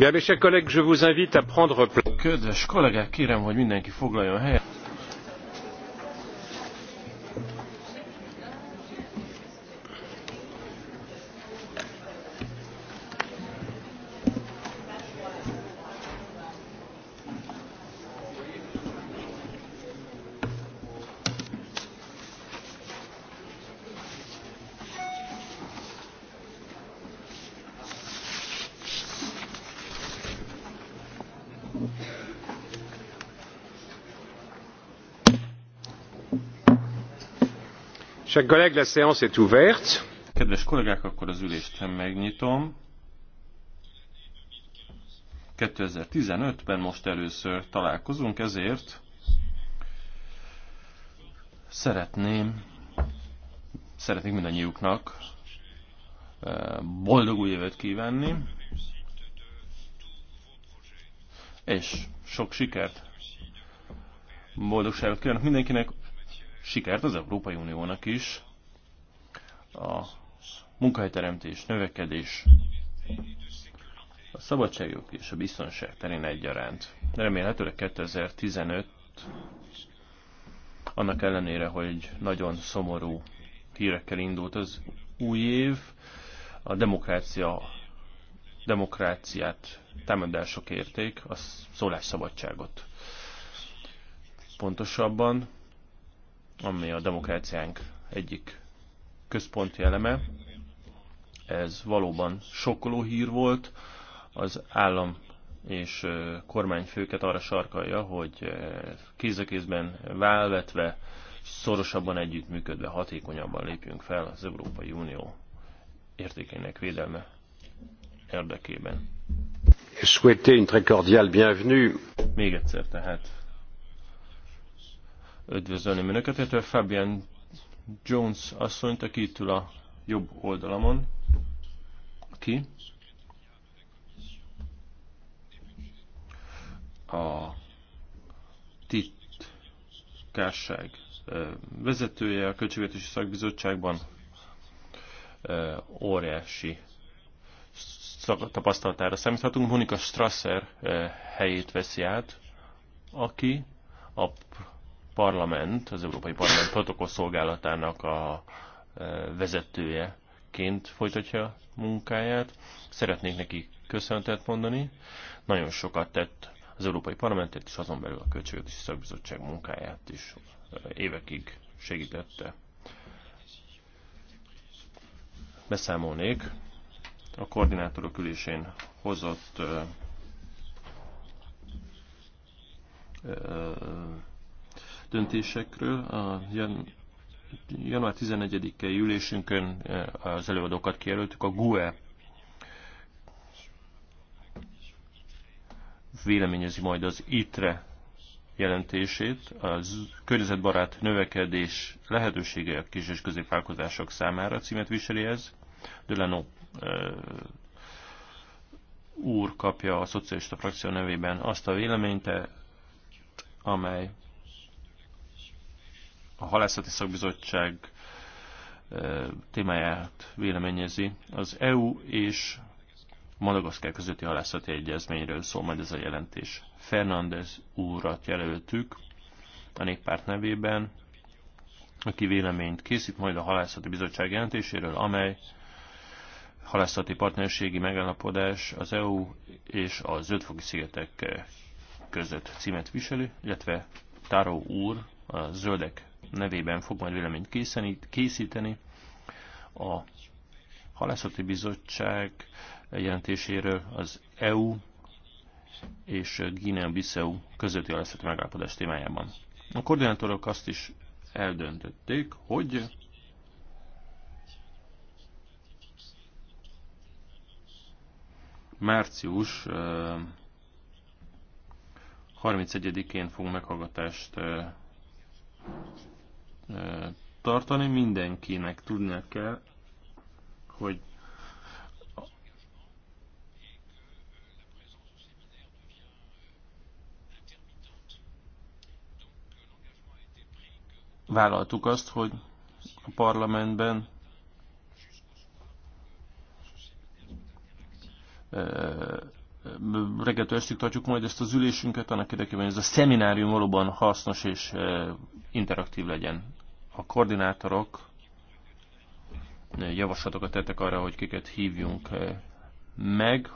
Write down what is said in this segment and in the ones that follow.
Kedves kollégák, kérem, hogy mindenki foglaljon helyet. Kedves kollégák, akkor az ülést megnyitom. 2015-ben most először találkozunk, ezért szeretném, szeretnék mindannyiuknak eh, boldog új évet kívánni, és sok sikert, boldogságot kívánok mindenkinek, sikert az Európai Uniónak is a munkahelyteremtés, növekedés, a szabadságok és a biztonság terén egyaránt. Remélhetőleg 2015 annak ellenére, hogy nagyon szomorú hírekkel indult az új év, a demokrácia, demokráciát támadások érték, a szólásszabadságot. Pontosabban ami a demokráciánk egyik központi eleme. Ez valóban sokkoló hír volt. Az állam és kormányfőket arra sarkalja, hogy kéz a kézben válvetve, szorosabban együttműködve, hatékonyabban lépjünk fel az Európai Unió értékeinek védelme érdekében. Még egyszer tehát üdvözölném Önöket, illetve Fabian Jones asszonyt, aki itt ül a jobb oldalamon, ki? a titkárság vezetője a Költségvetési Szakbizottságban óriási tapasztalatára számíthatunk. Monika Strasser helyét veszi át, aki a Parlament, az Európai Parlament protokollszolgálatának a e, vezetőjeként folytatja munkáját. Szeretnék neki köszöntet mondani. Nagyon sokat tett az Európai Parlamentet, és azon belül a Költségvetési Szakbizottság munkáját is e, évekig segítette. Beszámolnék a koordinátorok ülésén hozott e, döntésekről. A január 11-i ülésünkön eh, az előadókat kijelöltük. A GUE véleményezi majd az ITRE jelentését, a környezetbarát növekedés lehetősége a kis és középvállalkozások számára címet viseli ez. Delano e, úr kapja a szocialista frakció nevében azt a véleményt, amely a Halászati Szakbizottság témáját véleményezi. Az EU és Madagaszkár közötti halászati egyezményről szól majd ez a jelentés. Fernández úrat jelöltük a néppárt nevében, aki véleményt készít majd a halászati bizottság jelentéséről, amely halászati partnerségi megállapodás az EU és az Zöldfogi szigetek között címet viseli, illetve Táró úr, a Zöldek nevében fog majd véleményt készíteni. A Halászati Bizottság jelentéséről az EU és Guinea-Bissau közötti halászati megállapodás témájában. A koordinátorok azt is eldöntötték, hogy március 31-én fogunk meghallgatást tartani. Mindenkinek tudnia kell, hogy vállaltuk azt, hogy a parlamentben reggeltől estig tartjuk majd ezt az ülésünket, annak érdekében, hogy ez a szeminárium valóban hasznos és interaktív legyen a koordinátorok javaslatokat tettek arra, hogy kiket hívjunk eh, meg,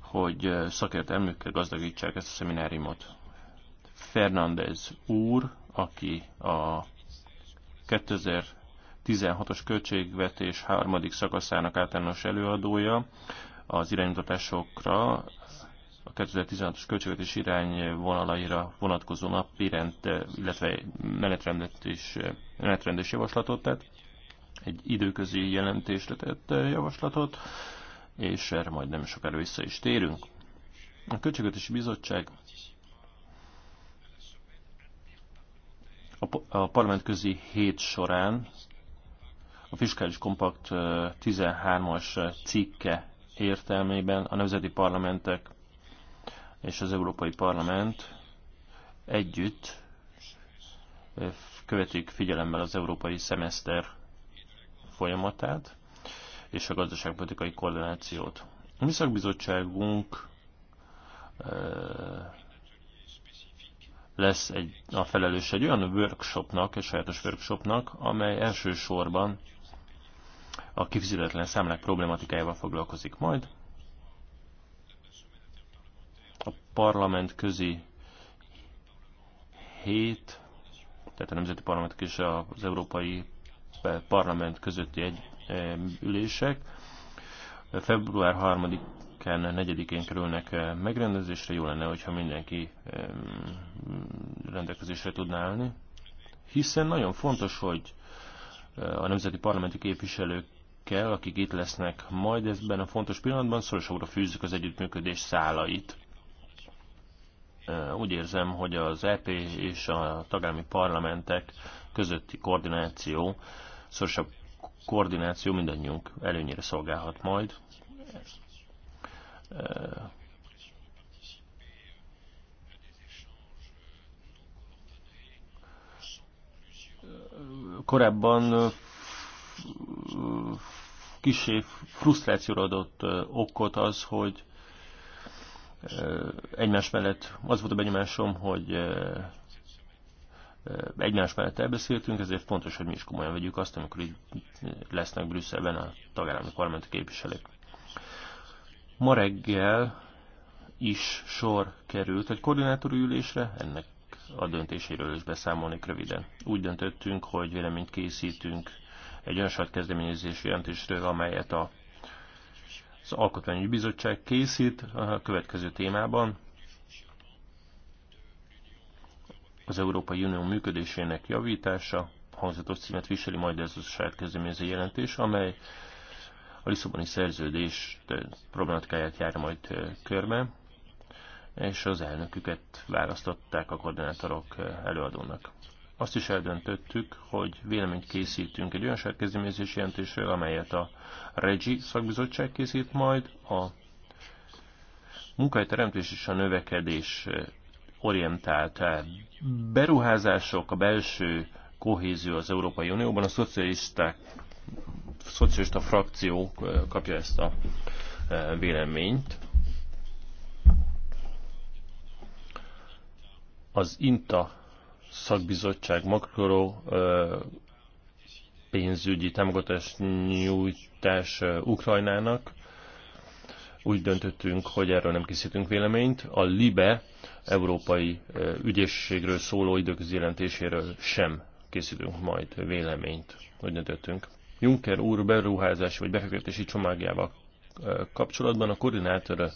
hogy eh, szakértelmükkel gazdagítsák ezt a szemináriumot. Fernández úr, aki a 2016-os költségvetés harmadik szakaszának általános előadója, az iránymutatásokra a 2016-os költségvetés vonalaira vonatkozó napirend, illetve menetrendet is, menetrendes javaslatot tett, egy időközi jelentésre tett javaslatot, és erre majd nem sokára vissza is térünk. A Költségvetési Bizottság a közi hét során a fiskális kompakt 13-as cikke értelmében a nemzeti parlamentek és az Európai Parlament együtt követik figyelemmel az európai szemeszter folyamatát és a gazdaságpolitikai koordinációt. A mi szakbizottságunk lesz egy, a felelős egy olyan workshopnak, egy sajátos workshopnak, amely elsősorban a kifizetetlen számlák problématikájával foglalkozik majd. parlament közi hét, tehát a Nemzeti Parlament és az Európai Parlament közötti egy e, ülések február 3-án, 4-én kerülnek e, megrendezésre. Jó lenne, hogyha mindenki e, rendelkezésre tudná állni, hiszen nagyon fontos, hogy a nemzeti parlamenti képviselők kell, akik itt lesznek majd ebben a fontos pillanatban, szorosabbra fűzzük az együttműködés szálait. Úgy érzem, hogy az EP és a tagállami parlamentek közötti koordináció, szorosabb koordináció mindannyiunk előnyére szolgálhat majd. Korábban kisé frusztrációra adott okot az, hogy egymás mellett, az volt a benyomásom, hogy egymás mellett elbeszéltünk, ezért fontos, hogy mi is komolyan vegyük azt, amikor így lesznek Brüsszelben a tagállami parlamenti képviselők. Ma reggel is sor került egy koordinátori ülésre, ennek a döntéséről is beszámolnék röviden. Úgy döntöttünk, hogy véleményt készítünk egy olyan saját kezdeményezési jelentésről, amelyet a az Alkotmányi Bizottság készít a következő témában az Európai Unió működésének javítása, hangzatos címet viseli majd ez a saját kezdeményező jelentés, amely a Lisszaboni szerződés problematikáját jár majd körbe, és az elnöküket választották a koordinátorok előadónak azt is eldöntöttük, hogy véleményt készítünk egy olyan sárkezdeményezési jelentésről, amelyet a REGI szakbizottság készít majd, a munkahelyteremtés és a növekedés orientált beruházások, a belső kohézió az Európai Unióban, a szocialisták, szocialista frakció kapja ezt a véleményt. Az INTA szakbizottság makro pénzügyi támogatás nyújtás Ukrajnának. Úgy döntöttünk, hogy erről nem készítünk véleményt. A LIBE európai ügyészségről szóló időközi jelentéséről sem készítünk majd véleményt. Úgy döntöttünk. Juncker úr beruházási vagy befektetési csomagjával kapcsolatban a koordinátor,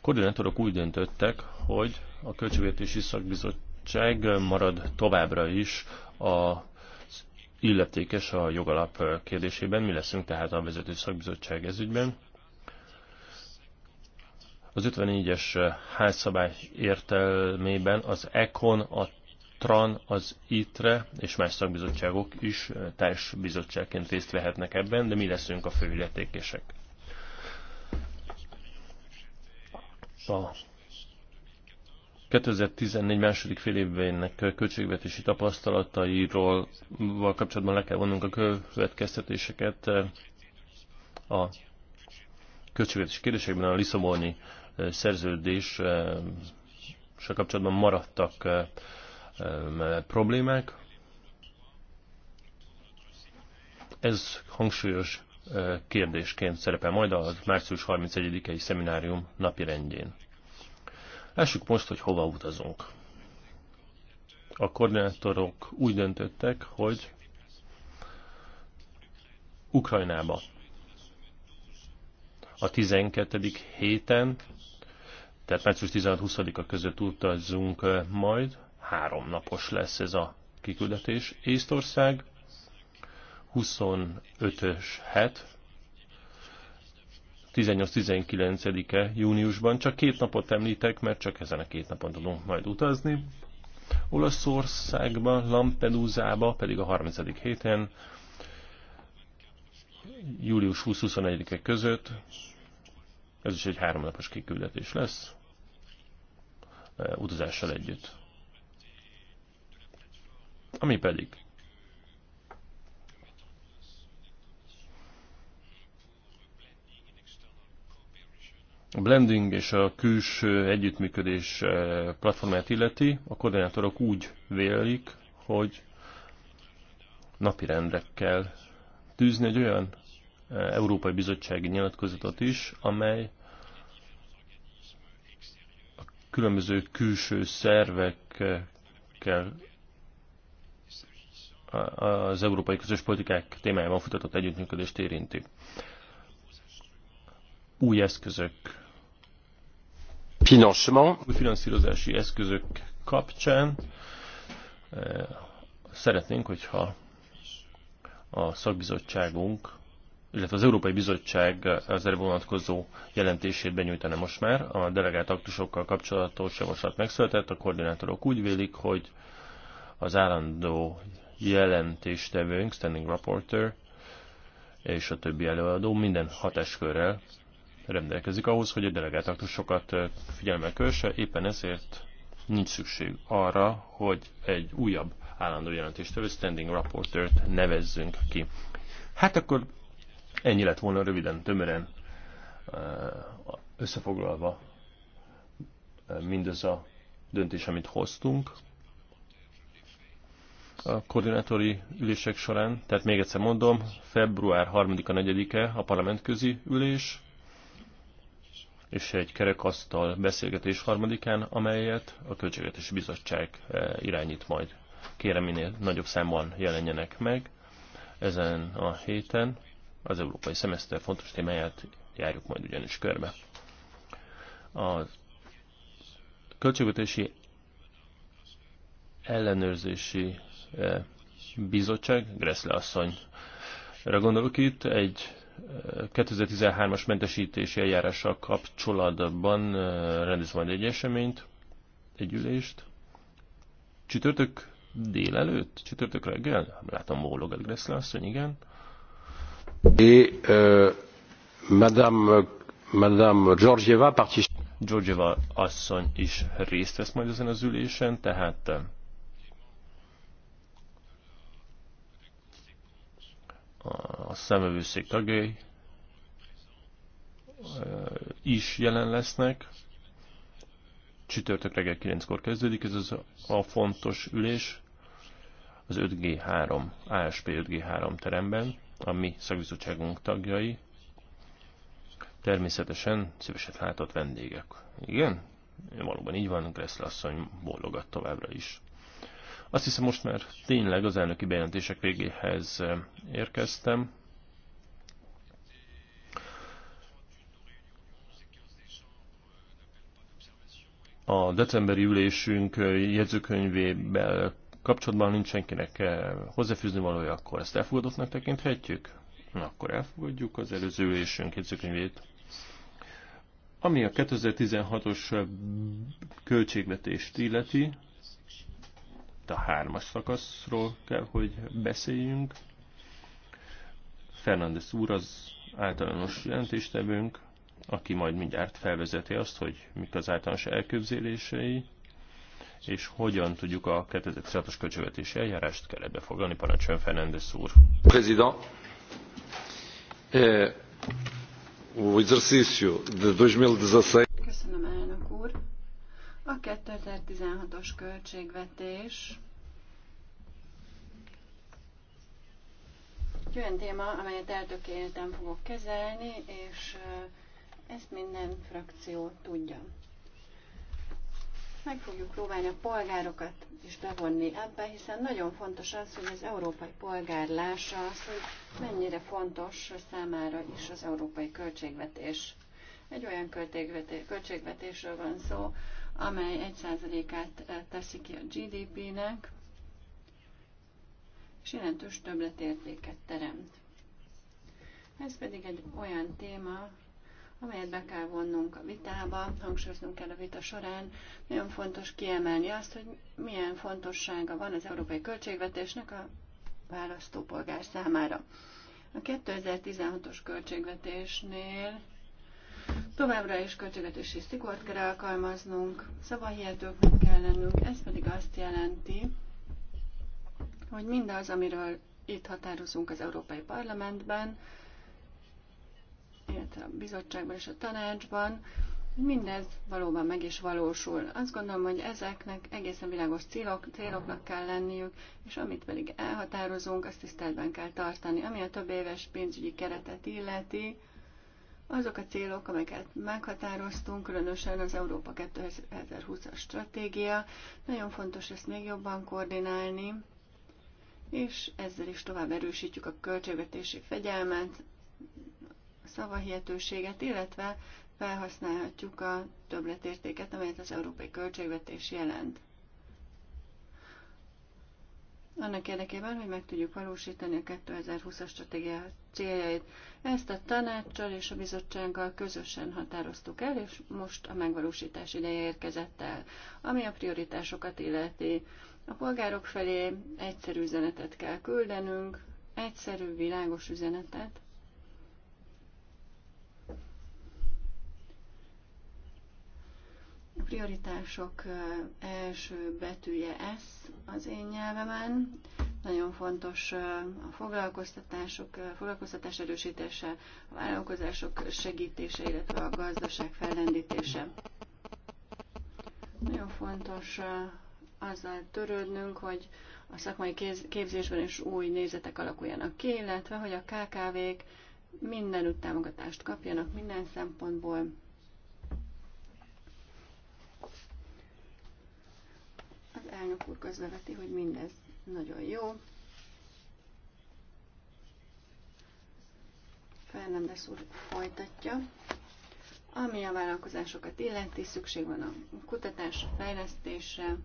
koordinátorok úgy döntöttek, hogy a Költségvetési Szakbizottság bizottság marad továbbra is a illetékes a jogalap kérdésében. Mi leszünk tehát a vezető szakbizottság ezügyben. Az 54-es házszabály értelmében az ECON, a TRAN, az ITRE és más szakbizottságok is társbizottságként részt vehetnek ebben, de mi leszünk a fő illetékesek? A 2014 második fél évvének költségvetési tapasztalatairól kapcsolatban le kell vonnunk a következtetéseket eh, a költségvetési kérdésekben a Lisszaboni eh, szerződés a eh, kapcsolatban maradtak problémák. Ez hangsúlyos kérdésként szerepel majd a március 31-i szeminárium napirendjén. Lássuk most, hogy hova utazunk. A koordinátorok úgy döntöttek, hogy Ukrajnába a 12. héten, tehát március 16-20-a között utazzunk majd, három napos lesz ez a kiküldetés. Észtország 25-ös het, 18-19-e júniusban. Csak két napot említek, mert csak ezen a két napon tudunk majd utazni. Olaszországba, Lampedusa-ba, pedig a 30. héten, július 20-21-e között. Ez is egy háromnapos kiküldetés lesz, eh, utazással együtt. Ami pedig a blending és a külső együttműködés eh, platformát illeti, a koordinátorok úgy vélik, hogy napirendre kell tűzni egy olyan eh, Európai Bizottsági nyilatkozatot is, amely a különböző külső szervekkel eh, az európai közös politikák témájában futatott együttműködést érinti. Új eszközök Financement. finanszírozási eszközök kapcsán eh, szeretnénk, hogyha a szakbizottságunk, illetve az Európai Bizottság az erre vonatkozó jelentését benyújtana most már. A delegált aktusokkal kapcsolatos javaslat megszületett, a koordinátorok úgy vélik, hogy az állandó jelentéstevőnk, standing reporter, és a többi előadó minden hatáskörrel rendelkezik ahhoz, hogy a delegált aktusokat figyelemmel kövesse, éppen ezért nincs szükség arra, hogy egy újabb állandó vagy standing rapportört nevezzünk ki. Hát akkor ennyi lett volna röviden, tömören összefoglalva mindez a döntés, amit hoztunk a koordinátori ülések során. Tehát még egyszer mondom, február 3-a, 4-e a parlamentközi ülés, és egy kerekasztal beszélgetés harmadikán, amelyet a Költségvetési Bizottság eh, irányít majd. Kérem, minél nagyobb számban jelenjenek meg. Ezen a héten az európai szemeszter fontos témáját járjuk majd ugyanis körbe. A költségvetési ellenőrzési eh, bizottság, Greszle asszonyra gondolok itt, egy 2013-as mentesítési eljárással kapcsolatban rendez majd egy eseményt, egy ülést. Csütörtök délelőtt? Csütörtök reggel? Látom, bólog a Gressler asszony, igen. É, ö, euh, Madame, Madame Georgieva partis... Georgieva asszony is részt vesz majd ezen az ülésen, tehát a szemövőszék tagjai eh, is jelen lesznek. Csütörtök reggel 9-kor kezdődik ez az a fontos ülés az 5G3, ASP 5G3 teremben, a mi szakbizottságunk tagjai. Természetesen szívesen látott vendégek. Igen? Valóban így van, Kressle asszony bólogat továbbra is. Azt hiszem most már tényleg az elnöki bejelentések végéhez eh, érkeztem. a decemberi ülésünk jegyzőkönyvével kapcsolatban nincs senkinek hozzáfűzni valója, akkor ezt elfogadottnak tekinthetjük? Na, akkor elfogadjuk az előző ülésünk jegyzőkönyvét. Ami a 2016-os költségvetést illeti, a hármas szakaszról kell, hogy beszéljünk. Fernández úr az általános jelentéstevőnk, aki majd mindjárt felvezeti azt, hogy mik az általános elképzelései, és hogyan tudjuk a 2016-os költségvetési eljárást keretbe foglalni. Parancsoljon Fernández úr. Prezident, eh, o exercício de 2016... Köszönöm, elnök úr. A 2016-os költségvetés egy olyan téma, amelyet eltökéltem fogok kezelni, és uh, ezt minden frakció tudja. Meg fogjuk próbálni a polgárokat is bevonni ebbe, hiszen nagyon fontos az, hogy az európai polgár lássa azt, hogy mennyire fontos számára is az európai költségvetés. Egy olyan költségvetésről van szó, amely 1%-át eh, teszi ki a GDP-nek, és jelentős többletértéket teremt. Ez pedig egy olyan téma, amelyet be kell vonnunk a vitába, hangsúlyoznunk kell a vita során. Nagyon fontos kiemelni azt, hogy milyen fontossága van az európai költségvetésnek a választópolgár számára. A 2016-os költségvetésnél továbbra is költségvetési szigort kell alkalmaznunk, szavahihetőknek kell lennünk, ez pedig azt jelenti, hogy mindaz, amiről itt határozunk az Európai Parlamentben, illetve a bizottságban és a tanácsban, hogy mindez valóban meg is valósul. Azt gondolom, hogy ezeknek egészen világos célok, céloknak kell lenniük, és amit pedig elhatározunk, azt tiszteletben kell tartani. Ami a több éves pénzügyi keretet illeti, azok a célok, amelyeket meghatároztunk, különösen az Európa 2020-as stratégia, nagyon fontos ezt még jobban koordinálni, és ezzel is tovább erősítjük a költségvetési fegyelmet, szavahihetőséget, illetve felhasználhatjuk a többletértéket, amelyet az európai költségvetés jelent. Annak érdekében, hogy meg tudjuk valósítani a 2020-as stratégia céljait. Ezt a tanácssal és a bizottsággal közösen határoztuk el, és most a megvalósítás ideje érkezett el, ami a prioritásokat illeti. A polgárok felé egyszerű üzenetet kell küldenünk, egyszerű, világos üzenetet, prioritások első betűje S az én nyelvemen. Nagyon fontos a foglalkoztatások, a foglalkoztatás erősítése, a vállalkozások segítése, illetve a gazdaság fellendítése. Nagyon fontos azzal törődnünk, hogy a szakmai képzésben is új nézetek alakuljanak ki, illetve hogy a KKV-k mindenütt támogatást kapjanak minden szempontból. Az elnök úr közbeveti, hogy mindez nagyon jó. Fernandes úr folytatja. Ami a vállalkozásokat illeti, szükség van a kutatásra, fejlesztésre,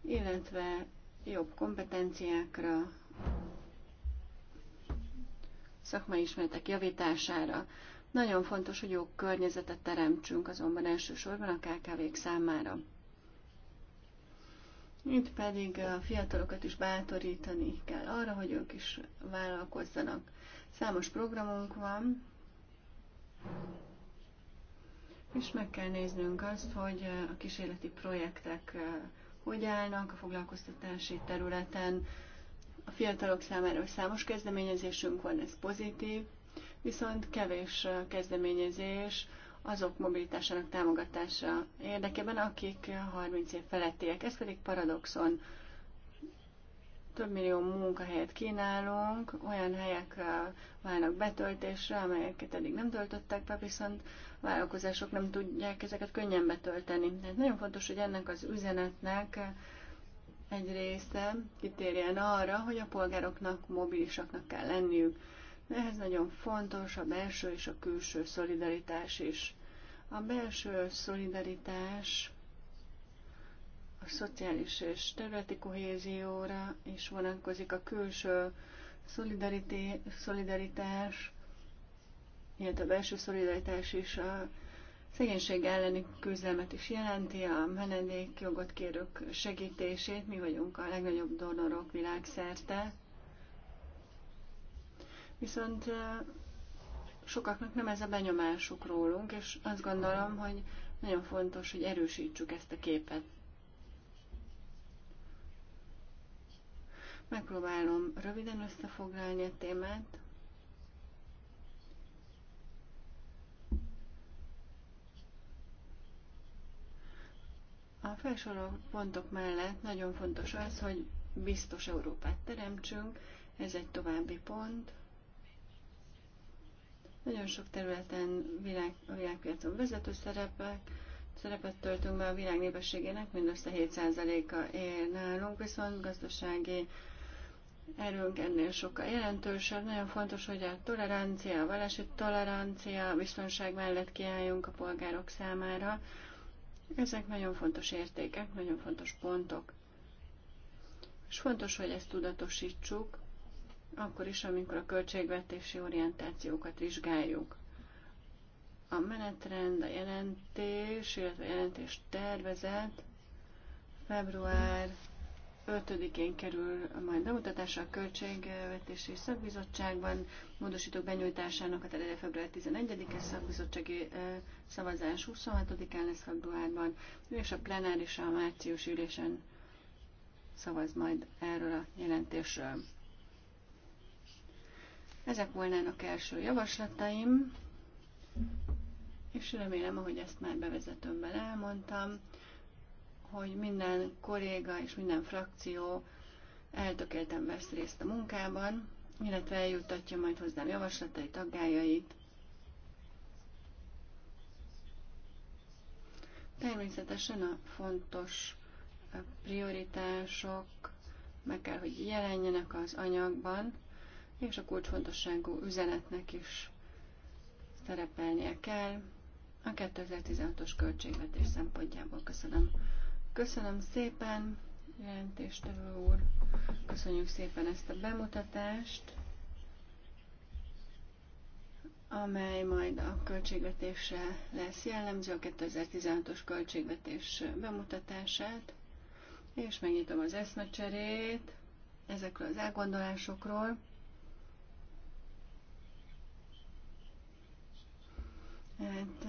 illetve jobb kompetenciákra, szakmai ismeretek javítására. Nagyon fontos, hogy jó környezetet teremtsünk azonban elsősorban a KKV-k számára mint pedig a fiatalokat is bátorítani kell arra, hogy ők is vállalkozzanak. Számos programunk van, és meg kell néznünk azt, hogy a kísérleti projektek eh, hogy állnak a foglalkoztatási területen. A fiatalok számára számos kezdeményezésünk van, ez pozitív, viszont kevés eh, kezdeményezés azok mobilitásának támogatása érdekében, akik 30 év felettiek. Ez pedig paradoxon. Több millió munkahelyet kínálunk, olyan helyek válnak betöltésre, amelyeket eddig nem töltöttek be, viszont a vállalkozások nem tudják ezeket könnyen betölteni. Tehát nagyon fontos, hogy ennek az üzenetnek egy része kitérjen arra, hogy a polgároknak mobilisaknak kell lenniük. De ehhez nagyon fontos a belső és a külső szolidaritás is. A belső szolidaritás a szociális és területi kohézióra is vonatkozik a külső szolidaritás, illetve a belső szolidaritás is a szegénység elleni küzdelmet is jelenti, a menedékjogot kérők segítését, mi vagyunk a legnagyobb donorok világszerte. Viszont sokaknak nem ez a benyomásuk rólunk, és azt gondolom, hogy nagyon fontos, hogy erősítsük ezt a képet. Megpróbálom röviden összefoglalni a témát. A felsorolt pontok mellett nagyon fontos az, hogy biztos Európát teremtsünk, ez egy további pont. Nagyon sok területen világ, a világpiacon vezető szerepek, szerepet töltünk be a világ népességének, mindössze 7%-a él nálunk, viszont gazdasági erőnk ennél sokkal jelentősebb. Nagyon fontos, hogy a tolerancia, a vallási tolerancia, a biztonság mellett kiálljunk a polgárok számára. Ezek nagyon fontos értékek, nagyon fontos pontok. És fontos, hogy ezt tudatosítsuk, akkor is, amikor a költségvetési orientációkat vizsgáljuk. A menetrend, a jelentés, illetve a jelentés tervezet február 5-én kerül majd bemutatásra a Költségvetési Szakbizottságban, módosítók benyújtásának a terére február 11-e szakbizottsági szavazás 26-án lesz februárban, és a plenáris a március ülésen szavaz majd erről a jelentésről. Ezek volnának első javaslataim, és remélem, ahogy ezt már bevezetőmben elmondtam, hogy minden kolléga és minden frakció eltökéltem vesz részt a munkában, illetve eljuttatja majd hozzám javaslatait, taggájait. Természetesen a fontos prioritások meg kell, hogy jelenjenek az anyagban, és a kulcsfontosságú üzenetnek is szerepelnie kell a 2016-os költségvetés szempontjából. Köszönöm. Köszönöm szépen, jelentéstevő úr. Köszönjük szépen ezt a bemutatást, amely majd a költségvetésre lesz jellemző, a 2016-os költségvetés bemutatását, és megnyitom az eszmecserét ezekről az elgondolásokról. Hát,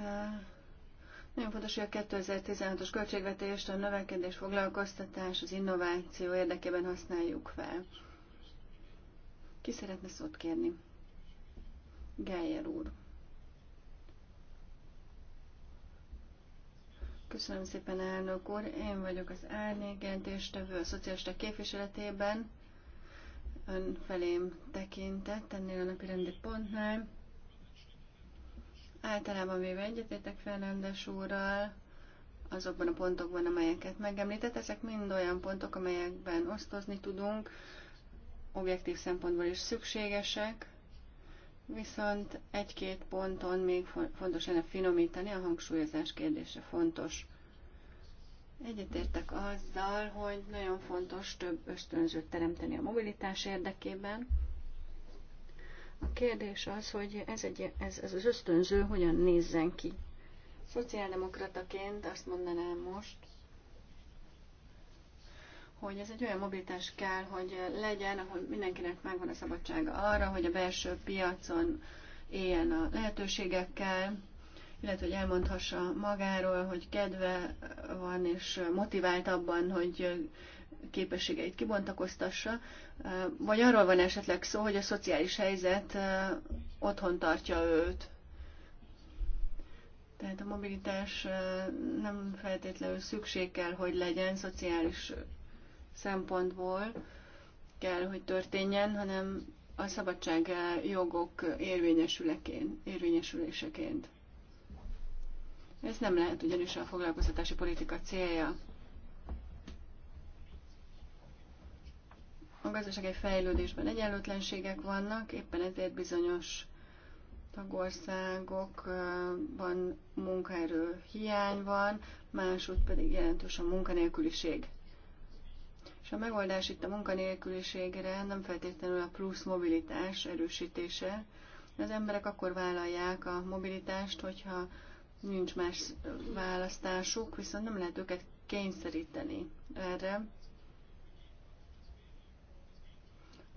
nagyon fontos, hogy a 2016-os költségvetést a növekedés, foglalkoztatás, az innováció érdekében használjuk fel. Ki szeretne szót kérni? Geyer úr. Köszönöm szépen, elnök úr. Én vagyok az árnyékjelentéstevő a szocialista képviseletében. Ön felém tekintett ennél a napi rendi pontnál. Általában véve egyetétek Fernándes úrral, azokban a pontokban, amelyeket megemlített. Ezek mind olyan pontok, amelyekben osztozni tudunk, objektív szempontból is szükségesek, viszont egy-két ponton még fontos lenne finomítani, a hangsúlyozás kérdése fontos. Egyetértek azzal, hogy nagyon fontos több ösztönzőt teremteni a mobilitás érdekében, a kérdés az, hogy ez, egy, ez, ez az ösztönző hogyan nézzen ki. Szociáldemokrataként azt mondanám most, hogy ez egy olyan mobilitás kell, hogy legyen, ahol mindenkinek megvan a szabadsága arra, hogy a belső piacon éljen a lehetőségekkel, illetve hogy elmondhassa magáról, hogy kedve van és motivált abban, hogy képességeit kibontakoztassa, vagy arról van esetleg szó, hogy a szociális helyzet otthon tartja őt. Tehát a mobilitás nem feltétlenül szükség kell, hogy legyen szociális szempontból, kell, hogy történjen, hanem a szabadság jogok érvényesüléseként. Ez nem lehet ugyanis a foglalkoztatási politika célja. A gazdasági fejlődésben egyenlőtlenségek vannak, éppen ezért bizonyos tagországokban munkaerő hiány van, másút pedig jelentős a munkanélküliség. És a megoldás itt a munkanélküliségre nem feltétlenül a plusz mobilitás erősítése. Az emberek akkor vállalják a mobilitást, hogyha nincs más választásuk, viszont nem lehet őket kényszeríteni erre.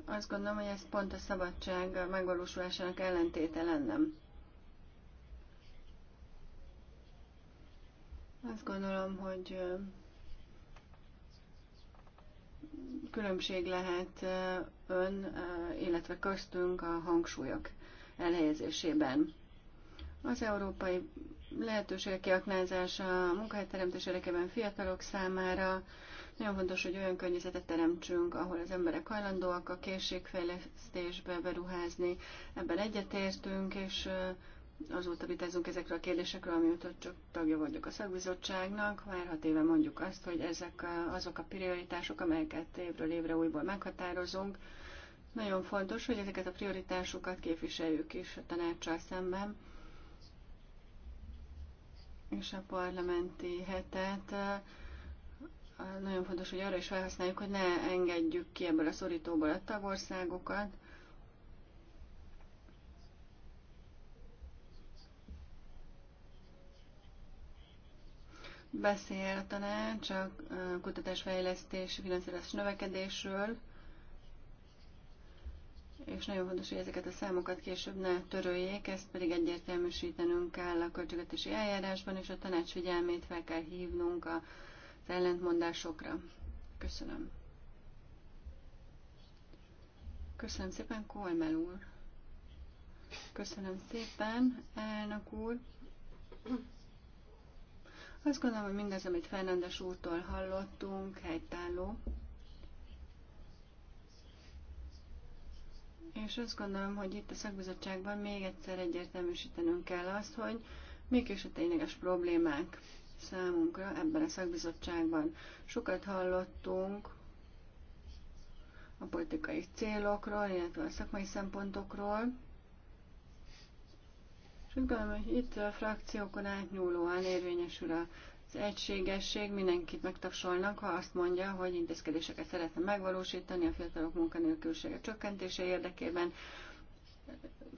Azt gondolom, hogy ez pont a szabadság megvalósulásának ellentéte lenne. Azt gondolom, hogy különbség lehet ön, illetve köztünk a hangsúlyok elhelyezésében. Az európai lehetőségek kiaknázása a munkahelyteremtés érdekében fiatalok számára, nagyon fontos, hogy olyan környezetet teremtsünk, ahol az emberek hajlandóak a készségfejlesztésbe beruházni. Ebben egyetértünk, és azóta vitázunk ezekről a kérdésekről, amióta csak tagja vagyok a szakbizottságnak. Már hat éve mondjuk azt, hogy ezek azok a prioritások, amelyeket évről évre újból meghatározunk. Nagyon fontos, hogy ezeket a prioritásokat képviseljük is a tanácssal szemben. És a parlamenti hetet nagyon fontos, hogy arra is felhasználjuk, hogy ne engedjük ki ebből a szorítóból a tagországokat. Beszél a tanács a kutatásfejlesztés, finanszírozás növekedésről, és nagyon fontos, hogy ezeket a számokat később ne töröljék, ezt pedig egyértelműsítenünk kell a költségvetési eljárásban, és a tanács figyelmét fel kell hívnunk a ellentmondásokra. Köszönöm. Köszönöm szépen, Kolmel úr. Köszönöm szépen, elnök úr. Azt gondolom, hogy mindez, amit Fernandes úrtól hallottunk, helytálló. És azt gondolom, hogy itt a szakbizottságban még egyszer egyértelműsítenünk kell azt, hogy mik is a tényleges problémák számunkra ebben a szakbizottságban. Sokat hallottunk a politikai célokról, illetve a szakmai szempontokról. És úgy gondolom, hogy itt a frakciókon átnyúlóan érvényesül az egységesség, mindenkit megtapsolnak, ha azt mondja, hogy intézkedéseket szeretne megvalósítani a fiatalok munkanélkülsége csökkentése érdekében,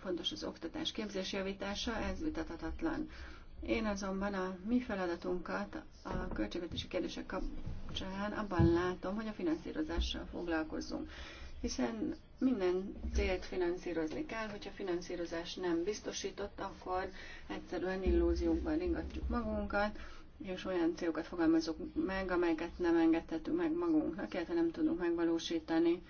fontos az oktatás képzés javítása, ez vitathatatlan. Én azonban a mi feladatunkat a költségvetési kérdések kapcsán abban látom, hogy a finanszírozással foglalkozzunk. Hiszen minden célt finanszírozni kell, hogyha finanszírozás nem biztosított, akkor egyszerűen illúziókban ringatjuk magunkat, és olyan célokat fogalmazunk meg, amelyeket nem engedhetünk meg magunknak, illetve nem tudunk megvalósítani.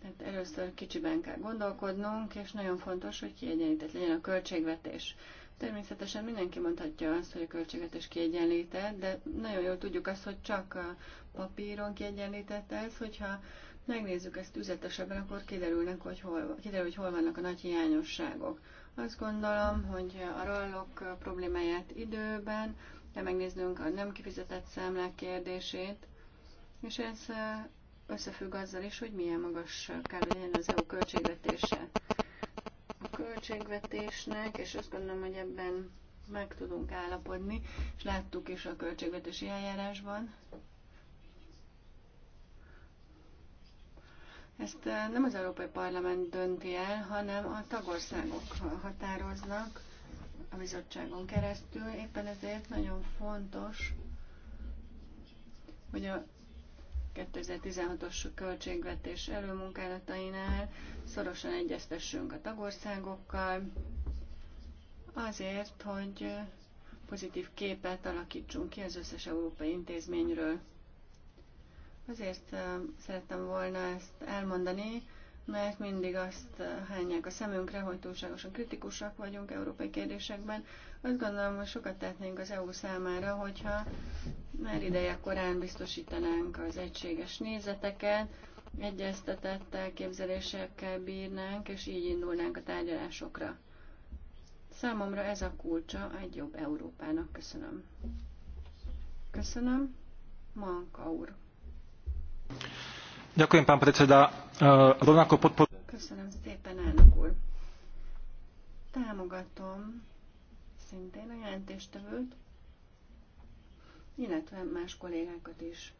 Tehát először kicsiben kell gondolkodnunk, és nagyon fontos, hogy kiegyenített legyen a költségvetés. Természetesen mindenki mondhatja azt, hogy a költségvetés kiegyenlített, de nagyon jól tudjuk azt, hogy csak a papíron kiegyenlített ez, hogyha megnézzük ezt tüzetesebben, akkor kiderülnek, hogy hol, kiderül, hogy hol vannak a nagy hiányosságok. Azt gondolom, hogy a rollok problémáját időben de megnéznünk a nem kifizetett számlák kérdését, és ez összefügg azzal is, hogy milyen magas kell legyen az EU költségvetése a költségvetésnek, és azt gondolom, hogy ebben meg tudunk állapodni, és láttuk is a költségvetési eljárásban. Ezt eh, nem az Európai Parlament dönti el, hanem a tagországok határoznak a bizottságon keresztül. Éppen ezért nagyon fontos, hogy a 2016-os költségvetés előmunkálatainál szorosan egyeztessünk a tagországokkal, azért, hogy pozitív képet alakítsunk ki az összes európai intézményről. Azért szerettem volna ezt elmondani, mert mindig azt eh, hányják a szemünkre, hogy túlságosan kritikusak vagyunk európai kérdésekben. Azt gondolom, hogy sokat tehetnénk az EU számára, hogyha már ideje korán biztosítanánk az egységes nézeteket, egyeztetett elképzelésekkel bírnánk, és így indulnánk a tárgyalásokra. Számomra ez a kulcsa egy jobb Európának. Köszönöm. Köszönöm. Manka úr. Ďakujem, pán predseda. E, rovnako podpor... Köszönöm szépen, elnök úr. Támogatom szintén a jelentéstevőt, illetve más kollégákat is.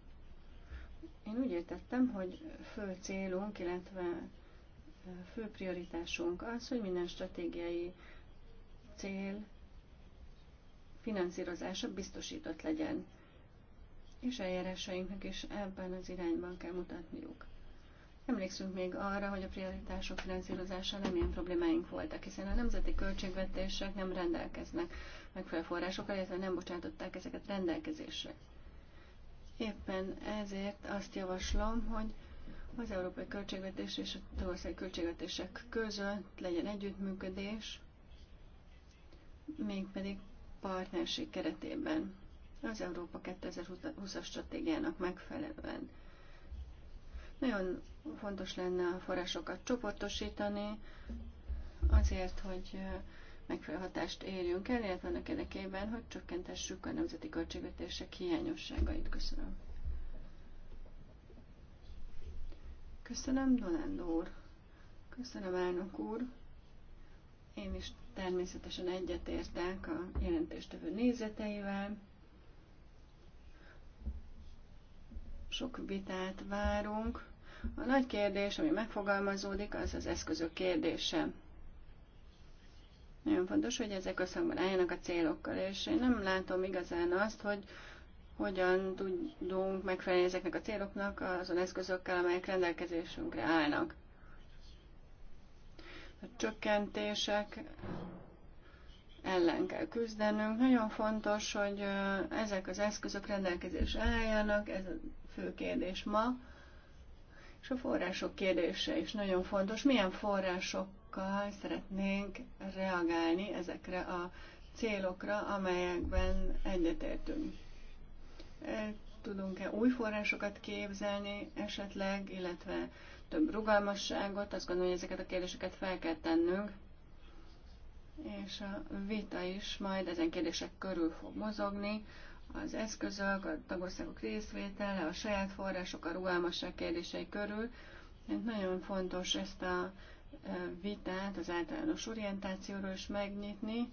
Én úgy értettem, hogy fő célunk, illetve fő prioritásunk az, hogy minden stratégiai cél finanszírozása biztosított legyen és eljárásainknak is ebben az irányban kell mutatniuk. Emlékszünk még arra, hogy a prioritások finanszírozása nem ilyen problémáink voltak, hiszen a nemzeti költségvetések nem rendelkeznek megfelelő forrásokkal, illetve nem bocsátották ezeket rendelkezésre. Éppen ezért azt javaslom, hogy az európai költségvetés és a tagországi költségvetések között legyen együttműködés, mégpedig partnerség keretében az Európa 2020-as stratégiának megfelelően. Nagyon fontos lenne a forrásokat csoportosítani, azért, hogy megfelelő hatást érjünk el, illetve annak érdekében, hogy csökkentessük a nemzeti költségvetések hiányosságait. Köszönöm. Köszönöm, Donán úr. Köszönöm, elnök úr. Én is természetesen egyetértek a jelentéstevő nézeteivel. sok vitát várunk. A nagy kérdés, ami megfogalmazódik, az az eszközök kérdése. Nagyon fontos, hogy ezek összhangban álljanak a célokkal, és én nem látom igazán azt, hogy hogyan tudunk megfelelni ezeknek a céloknak azon eszközökkel, amelyek rendelkezésünkre állnak. A csökkentések ellen kell küzdenünk. Nagyon fontos, hogy ezek az eszközök rendelkezésre álljanak, ez a fő kérdés ma, és a források kérdése is nagyon fontos. Milyen forrásokkal szeretnénk reagálni ezekre a célokra, amelyekben egyetértünk? E, tudunk-e új forrásokat képzelni esetleg, illetve több rugalmasságot? Azt gondolom, hogy ezeket a kérdéseket fel kell tennünk, és a vita is majd ezen kérdések körül fog mozogni az eszközök, a tagországok részvétele, a saját források, a rugalmasság kérdései körül. Én nagyon fontos ezt a e, vitát az általános orientációról is megnyitni.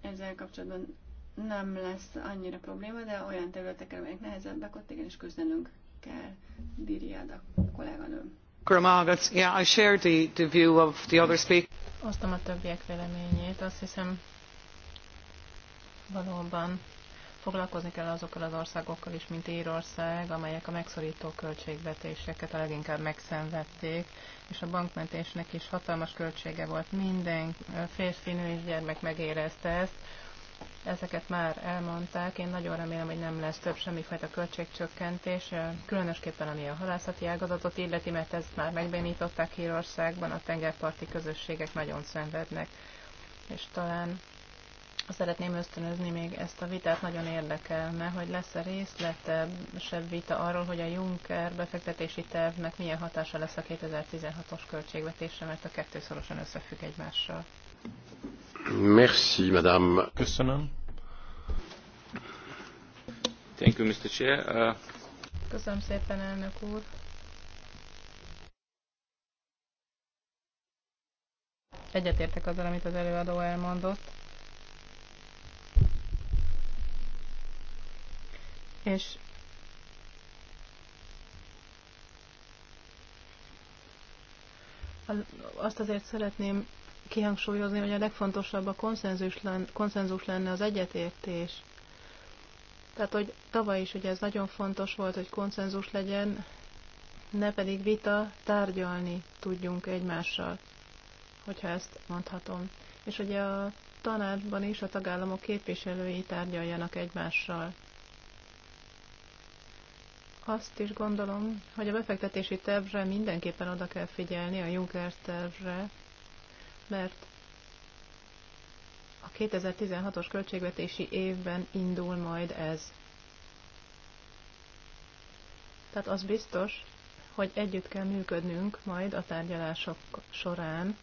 Ezzel kapcsolatban nem lesz annyira probléma, de olyan területekre, amelyek nehezebbek, ott igenis küzdenünk kell, Diriád a kolléganőm. Yeah, I share the, the view of the other speaker. Osztom a többiek véleményét. Azt hiszem, valóban foglalkozni kell azokkal az országokkal is, mint Írország, amelyek a megszorító költségvetéseket a leginkább megszenvedték, és a bankmentésnek is hatalmas költsége volt. Minden férfi, nő és gyermek megérezte ezt. Ezeket már elmondták, én nagyon remélem, hogy nem lesz több semmifajta költségcsökkentés, különösképpen ami a halászati ágazatot illeti, mert ezt már megbénították Írországban, a tengerparti közösségek nagyon szenvednek, és talán Szeretném ösztönözni még ezt a vitát, nagyon érdekelne, hogy lesz-e részletesebb vita arról, hogy a Juncker befektetési tervnek milyen hatása lesz a 2016-os költségvetésre, mert a kettő szorosan összefügg egymással. Merci, madame. Köszönöm. Thank you, Mr. Chair. Uh... Köszönöm szépen, elnök úr. Egyetértek azzal, amit az előadó elmondott és azt azért szeretném kihangsúlyozni, hogy a legfontosabb a konszenzus, lenne, konszenzus lenne az egyetértés. Tehát, hogy tavaly is ugye ez nagyon fontos volt, hogy konszenzus legyen, ne pedig vita, tárgyalni tudjunk egymással, hogyha ezt mondhatom. És ugye a tanácsban is a tagállamok képviselői tárgyaljanak egymással. Azt is gondolom, hogy a befektetési tervre mindenképpen oda kell figyelni, a Juncker tervre, mert a 2016-os költségvetési évben indul majd ez. Tehát az biztos, hogy együtt kell működnünk majd a tárgyalások során,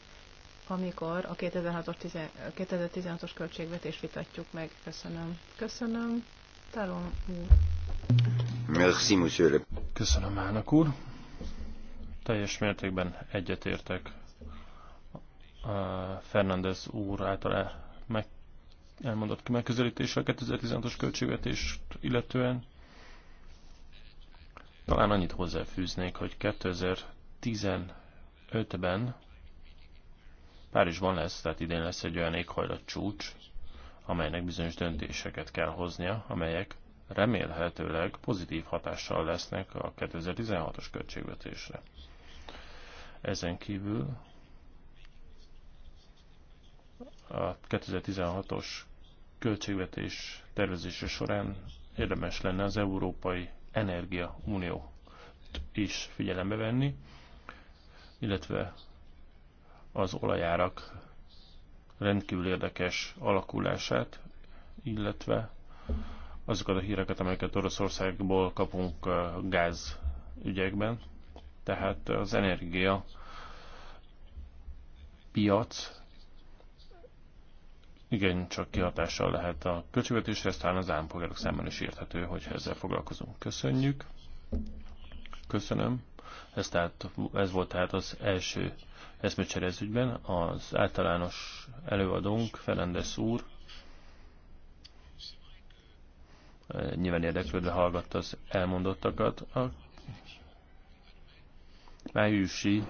amikor a 2016-os költségvetést vitatjuk meg. Köszönöm. Köszönöm. Talon úr. Merci, monsieur le... Köszönöm, elnök úr. Teljes mértékben egyetértek Fernández úr által meg, elmondott a 2016-os költségvetést illetően. Talán annyit hozzáfűznék, hogy 2015-ben Párizsban lesz, tehát idén lesz egy olyan éghajlat csúcs, amelynek bizonyos döntéseket kell hoznia, amelyek remélhetőleg pozitív hatással lesznek a 2016-os költségvetésre. Ezen kívül a 2016-os költségvetés tervezése során érdemes lenne az Európai Energia Unió is figyelembe venni, illetve az olajárak rendkívül érdekes alakulását, illetve azokat a híreket, amelyeket Oroszországból kapunk eh, gáz ügyekben. Tehát az energia piac igen, csak kihatással lehet a költségvetésre, ezt talán az állampolgárok számára is érthető, hogyha ezzel foglalkozunk. Köszönjük. Köszönöm. Ez, tehát, ez volt tehát az első eszmecserezügyben. Az általános előadónk, Ferendes úr, nyilván érdeklődve hallgatta az elmondottakat. A májusi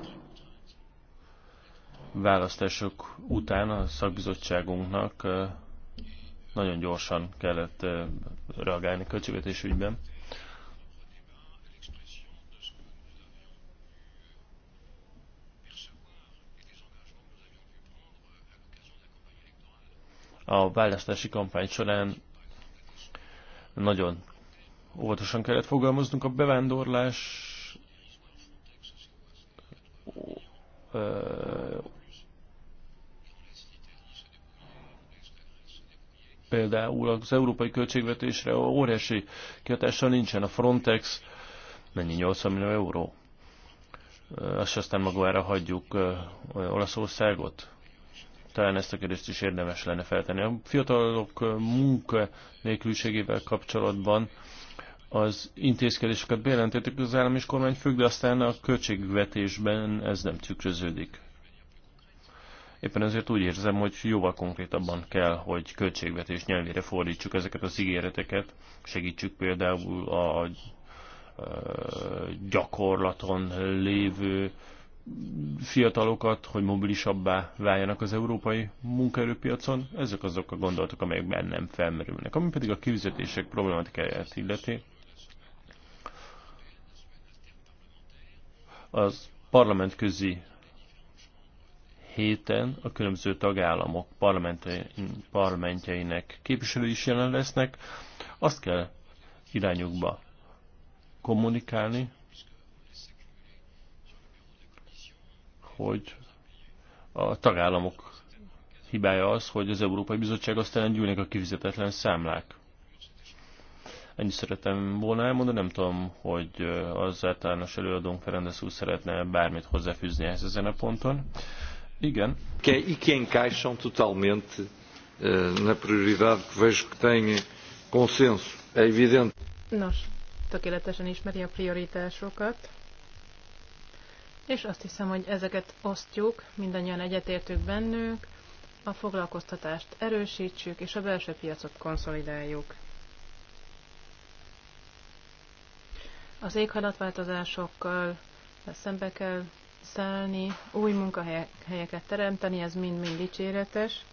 választások után a szakbizottságunknak nagyon gyorsan kellett reagálni költségvetés ügyben. A választási kampány során nagyon óvatosan kellett fogalmaznunk a bevándorlás például az európai költségvetésre óriási kihatással nincsen. A Frontex mennyi 80 millió euró. Azt aztán magára hagyjuk Olaszországot talán ezt a kérdést is érdemes lenne feltenni. A fiatalok munka nélküliségével kapcsolatban az intézkedéseket bejelentettük az állam és függ, de aztán a költségvetésben ez nem tükröződik. Éppen ezért úgy érzem, hogy jóval konkrétabban kell, hogy költségvetés nyelvére fordítsuk ezeket az ígéreteket, segítsük például a gyakorlaton lévő fiatalokat, hogy mobilisabbá váljanak az európai munkaerőpiacon. Ezek azok a gondolatok, amelyek bennem felmerülnek. Ami pedig a kivizetések problématikáját illeti, az parlamentközi héten a különböző tagállamok parlamentjeinek képviselői is jelen lesznek. Azt kell irányukba kommunikálni, hogy a tagállamok hibája az, hogy az Európai Bizottság aztán gyűlnek a kifizetetlen számlák. Ennyi szeretem volna elmondani, nem tudom, hogy az általános előadónk Ferendes úr szeretne bármit hozzáfűzni ehhez ezen a ponton. Igen. Que, e totalmente eh, na prioridade que vejo que tem consenso. É evidente. Nos, tökéletesen ismeri a prioritásokat. És azt hiszem, hogy ezeket osztjuk, mindannyian egyetértők bennünk, a foglalkoztatást erősítsük, és a belső piacot konszolidáljuk. Az éghajlatváltozásokkal szembe kell szállni, új munkahelyeket teremteni, ez mind-mind dicséretes.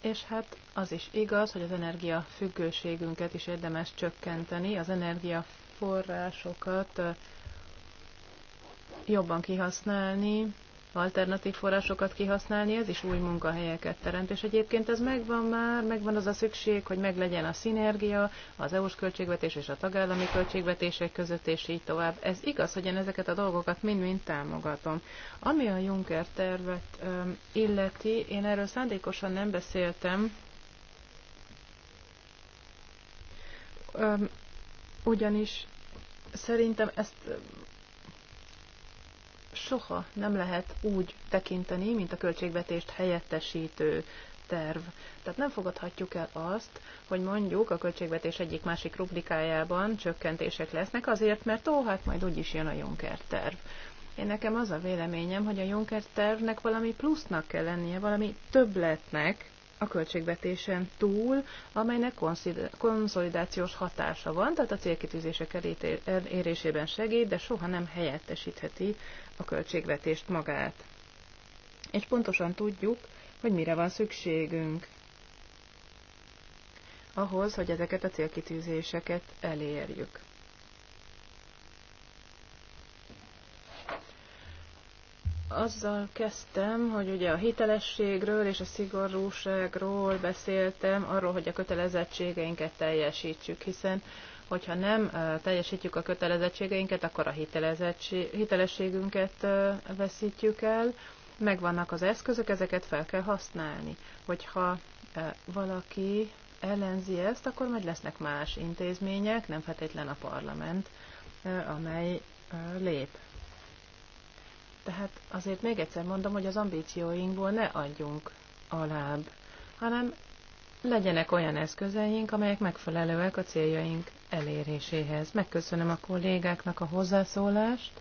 És hát az is igaz, hogy az energia függőségünket is érdemes csökkenteni, az energiaforrásokat jobban kihasználni, alternatív forrásokat kihasználni, ez is új munkahelyeket teremt. És egyébként ez megvan már, megvan az a szükség, hogy meglegyen a szinergia az EU-s költségvetés és a tagállami költségvetések között, és így tovább. Ez igaz, hogy én ezeket a dolgokat mind-mind támogatom. Ami a Juncker tervet um, illeti, én erről szándékosan nem beszéltem, um, ugyanis szerintem ezt soha nem lehet úgy tekinteni, mint a költségvetést helyettesítő terv. Tehát nem fogadhatjuk el azt, hogy mondjuk a költségvetés egyik másik rubrikájában csökkentések lesznek azért, mert ó, hát majd is jön a Juncker terv. Én nekem az a véleményem, hogy a Juncker tervnek valami plusznak kell lennie, valami többletnek a költségvetésen túl, amelynek konszolidációs hatása van, tehát a célkitűzések elérésében segít, de soha nem helyettesítheti a költségvetést magát. És pontosan tudjuk, hogy mire van szükségünk ahhoz, hogy ezeket a célkitűzéseket elérjük. azzal kezdtem, hogy ugye a hitelességről és a szigorúságról beszéltem, arról, hogy a kötelezettségeinket teljesítsük, hiszen hogyha nem teljesítjük a kötelezettségeinket, akkor a hitelességünket veszítjük el. Megvannak az eszközök, ezeket fel kell használni. Hogyha valaki ellenzi ezt, akkor majd lesznek más intézmények, nem feltétlen a parlament, amely lép. Tehát azért még egyszer mondom, hogy az ambícióinkból ne adjunk alább, hanem legyenek olyan eszközeink, amelyek megfelelőek a céljaink eléréséhez. Megköszönöm a kollégáknak a hozzászólást,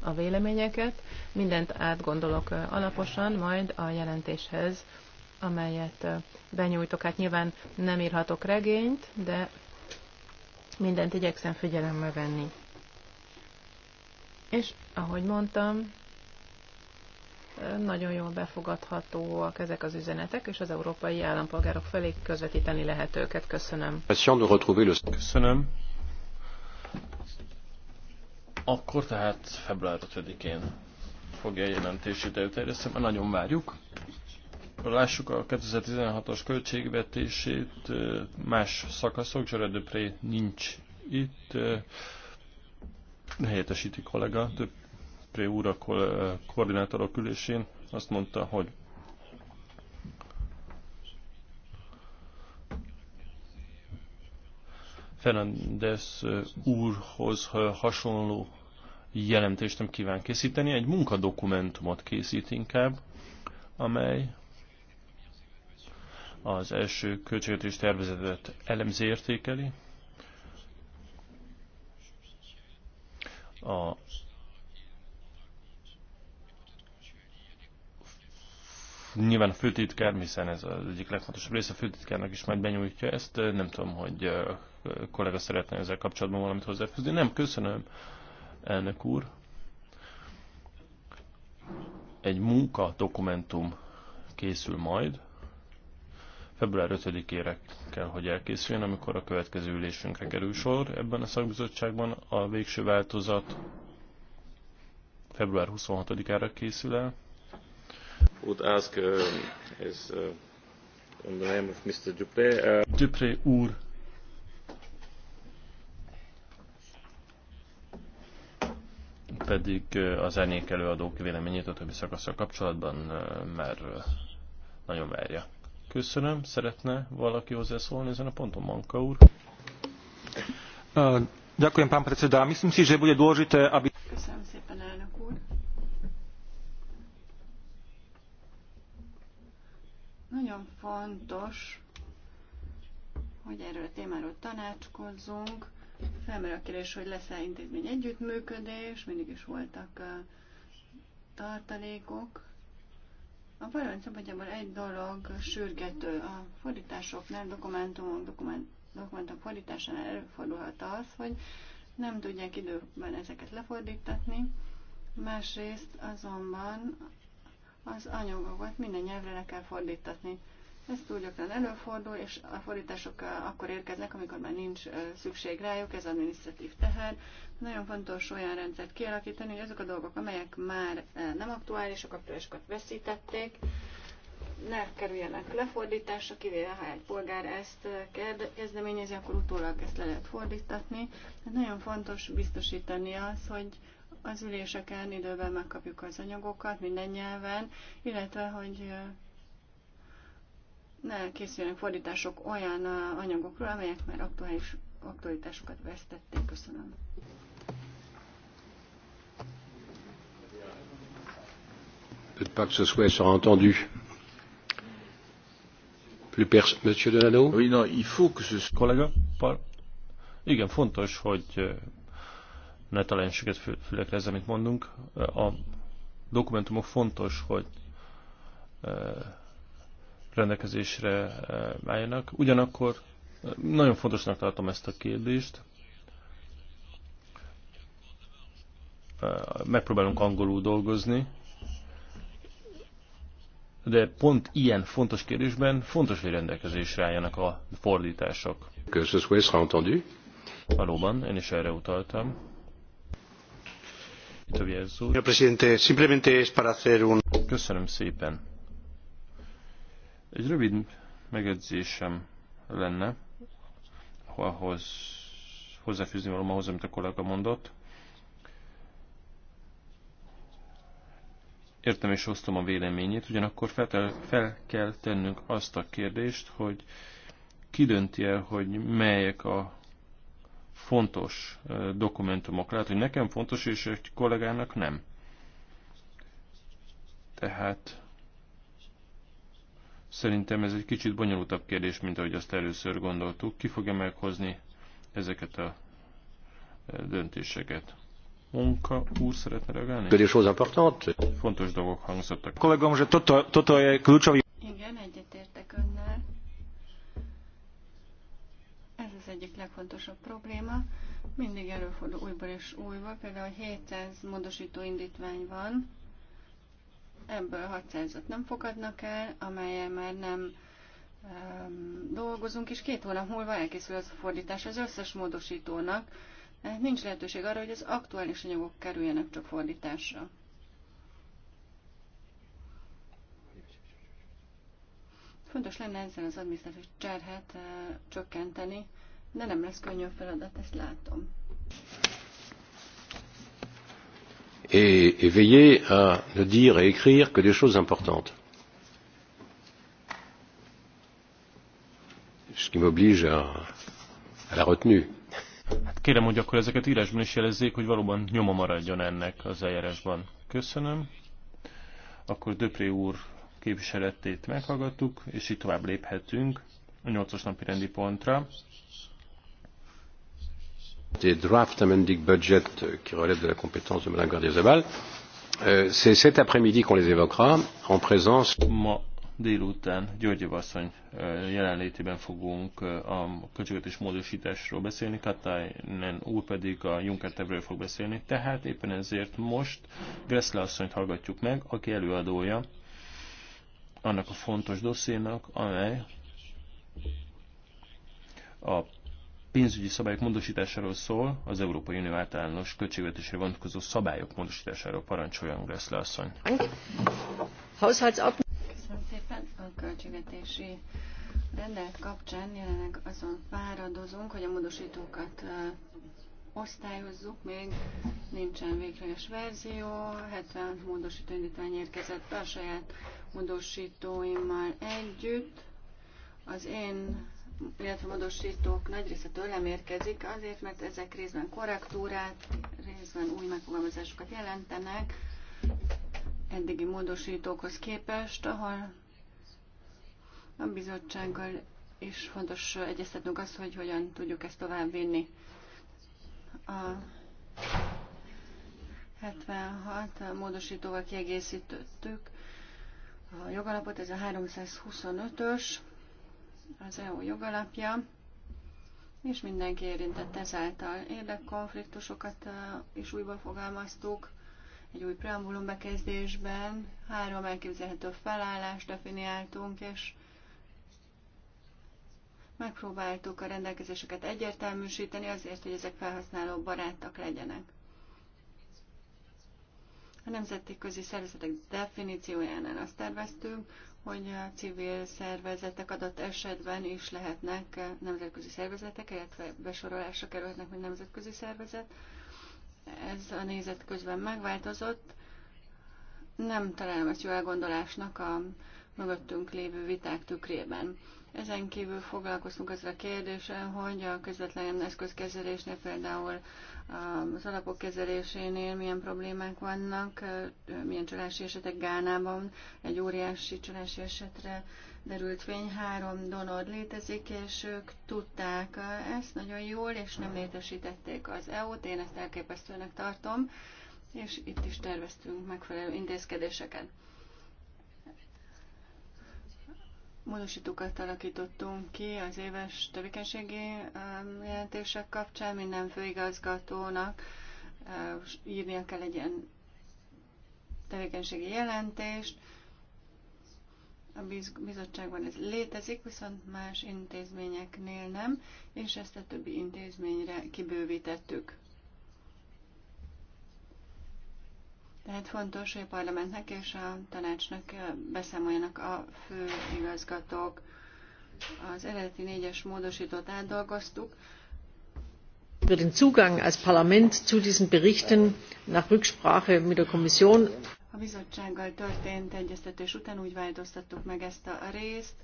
a véleményeket, mindent átgondolok alaposan, majd a jelentéshez, amelyet benyújtok. Hát nyilván nem írhatok regényt, de mindent igyekszem figyelembe venni. És ahogy mondtam, nagyon jól befogadhatóak ezek az üzenetek, és az európai állampolgárok felé közvetíteni lehet őket. Köszönöm. Köszönöm. Akkor tehát február 5-én fogja a jelentését előterjeszteni, mert nagyon várjuk. Lássuk a 2016-os költségvetését, más szakaszok, Zsöredöpré nincs itt, helyettesíti kollega, több Pré úr a koordinátorok ülésén azt mondta, hogy Fernandez úrhoz hasonló jelentést nem kíván készíteni, egy munkadokumentumot készít inkább, amely az első költségvetés tervezetet elemzi értékeli, a nyilván a főtitkár, hiszen ez az egyik legfontosabb része, a főtitkárnak is majd benyújtja ezt. Nem tudom, hogy a kollega szeretne ezzel kapcsolatban valamit hozzáfűzni. Nem, köszönöm, elnök úr. Egy munka dokumentum készül majd. Február 5-ére kell, hogy elkészüljön, amikor a következő ülésünkre kerül sor ebben a szakbizottságban. A végső változat február 26-ára készül el would ask uh, is uh, in the name of Mr. Dupré. Uh, Dupré úr. pedig uh, az árnyék előadók véleményét a többi szakaszra kapcsolatban uh, már uh, nagyon várja. Köszönöm. Szeretne valaki hozzászólni ezen a ponton, Manka úr? Ďakujem, Köszönöm szépen, elnök úr. Nagyon fontos, hogy erről a témáról tanácskozzunk. Felmerül a kérdés, hogy lesz-e intézmény együttműködés, mindig is voltak tartalékok. A valami szabadjából egy dolog sürgető. A fordításoknál, dokumentumok, dokument, dokumentum fordításánál előfordulhat az, hogy nem tudják időben ezeket lefordítatni. Másrészt azonban az anyagokat minden nyelvre le kell fordítatni. Ez túl gyakran előfordul, és a fordítások akkor érkeznek, amikor már nincs szükség rájuk, ez administratív teher. Nagyon fontos olyan rendszert kialakítani, hogy azok a dolgok, amelyek már nem aktuálisak, aktuálisokat veszítették, ne kerüljenek lefordításra, kivéve ha egy polgár ezt eh, kezdeményezi, akkor utólag ezt le lehet fordítatni. De hát nagyon fontos biztosítani az, hogy az üléseken időben megkapjuk az anyagokat minden nyelven, illetve hogy eh, ne készüljenek fordítások olyan eh, anyagokról, amelyek már aktuális aktualitásokat vesztették. Köszönöm. Peut-être pas que ce souhait sera entendu. Plus pers Monsieur Oui, non, il faut que ce... igen, fontos, hogy ne találjon süket fülekre ez, amit mondunk. A dokumentumok fontos, hogy rendelkezésre álljanak. Ugyanakkor nagyon fontosnak tartom ezt a kérdést. Megpróbálunk angolul dolgozni, de pont ilyen fontos kérdésben fontos, hogy rendelkezésre álljanak a fordítások. Valóban, én is erre utaltam. Köszönöm szépen. Egy rövid megedzésem lenne, ahhoz hozzáfűzni valam ahhoz, amit a kollega mondott. értem és osztom a véleményét, ugyanakkor fel, fel kell tennünk azt a kérdést, hogy ki dönti el, hogy melyek a fontos dokumentumok. Lehet, hogy nekem fontos, és egy kollégának nem. Tehát szerintem ez egy kicsit bonyolultabb kérdés, mint ahogy azt először gondoltuk. Ki fogja meghozni ezeket a döntéseket? Munka úr szeretne reagálni? Kérdés hozzá Fontos dolgok hangzottak. Kollégom, hogy toto, toto je kľúčový... Igen, egyetértek önnel. Ez az egyik legfontosabb probléma. Mindig előfordul újból és újból. Például 700 módosító indítvány van, ebből 600-at nem fogadnak el, amelyel már nem um, dolgozunk, és két hónap múlva elkészül az a fordítás az összes módosítónak, Hát nincs lehetőség arra, hogy az aktuális anyagok kerüljenek csak fordításra. Fontos lenne ezzel az adminisztratív cserhet eh, csökkenteni, de nem lesz könnyű feladat, ezt látom. Et, et veillez à ne dire et écrire que des choses importantes. Ce qui m'oblige à, à la retenue. Hát kérem, hogy akkor ezeket írásban is jelezzék, hogy valóban nyoma maradjon ennek az eljárásban. Köszönöm. Akkor Döpré úr képviseletét meghallgattuk, és itt tovább léphetünk a 8-as napi rendi pontra. The draft amending budget qui relève de la compétence de Mme Gardia-Zabal, euh, C'est cet après-midi qu'on les évoquera en présence. Ma délután Györgyev Vasszony jelenlétében fogunk a költségvetés módosításról beszélni, Katainen úr pedig a Juncker tervről fog beszélni, tehát éppen ezért most Gressle asszonyt hallgatjuk meg, aki előadója annak a fontos dossziénak, amely a pénzügyi szabályok módosításáról szól, az Európai Unió általános költségvetésre vonatkozó szabályok módosításáról parancsoljon Gressle asszony. Köszönöm szépen. A költségvetési rendelet kapcsán jelenleg azon fáradozunk, hogy a módosítókat osztályozzuk, még nincsen végleges verzió, 70 módosító indítvány érkezett be a saját módosítóimmal együtt. Az én, illetve módosítók nagy része tőlem érkezik, azért, mert ezek részben korrektúrát, részben új megfogalmazásokat jelentenek, eddigi módosítókhoz képest, ahol a bizottsággal is fontos egyeztetnünk azt, hogy hogyan tudjuk ezt tovább vinni. A 76 a módosítóval kiegészítettük a jogalapot, ez a 325-ös, az EU jogalapja, és mindenki érintett ezáltal érdekkonfliktusokat eh, is újból fogalmaztuk, egy új preambulum bekezdésben három elképzelhető felállást definiáltunk, és megpróbáltuk a rendelkezéseket egyértelműsíteni azért, hogy ezek felhasználó barátak legyenek. A nemzeti közi szervezetek definíciójánál azt terveztünk, hogy a civil szervezetek adott esetben is lehetnek nemzetközi szervezetek, illetve besorolásra kerülhetnek, mint nemzetközi szervezet ez a nézet közben megváltozott. Nem találom ezt jó elgondolásnak a mögöttünk lévő viták tükrében. Ezen kívül foglalkoztunk ezzel a kérdéssel, hogy a közvetlen eszközkezelésnél, például az alapok kezelésénél milyen problémák vannak, milyen csalási esetek Gánában egy óriási csalási esetre derült fény, három donor létezik, és ők tudták ezt nagyon jól, és nem létesítették az EU-t, én ezt elképesztőnek tartom, és itt is terveztünk megfelelő intézkedéseket. Módosítókat alakítottunk ki az éves tevékenységi jelentések kapcsán, minden főigazgatónak írnia kell egy ilyen tevékenységi jelentést, a bizottságban ez létezik, viszont más intézményeknél nem, és ezt a többi intézményre kibővítettük. Tehát fontos, hogy a parlamentnek és a tanácsnak eh, beszámoljanak a fő igazgatók. Az eredeti négyes módosítót átdolgoztuk. Über den Zugang als Parlament zu diesen Berichten nach Rücksprache mit der Kommission a bizottsággal történt egyeztetés után úgy változtattuk meg ezt a részt,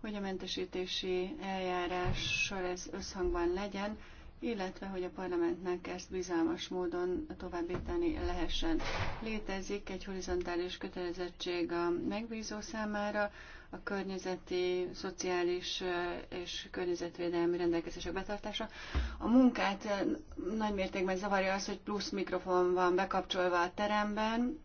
hogy a mentesítési eljárással ez összhangban legyen, illetve hogy a parlamentnek ezt bizalmas módon továbbítani lehessen. Létezik egy horizontális kötelezettség a megbízó számára, a környezeti, szociális és környezetvédelmi rendelkezések betartása. A munkát nagy mértékben zavarja az, hogy plusz mikrofon van bekapcsolva a teremben,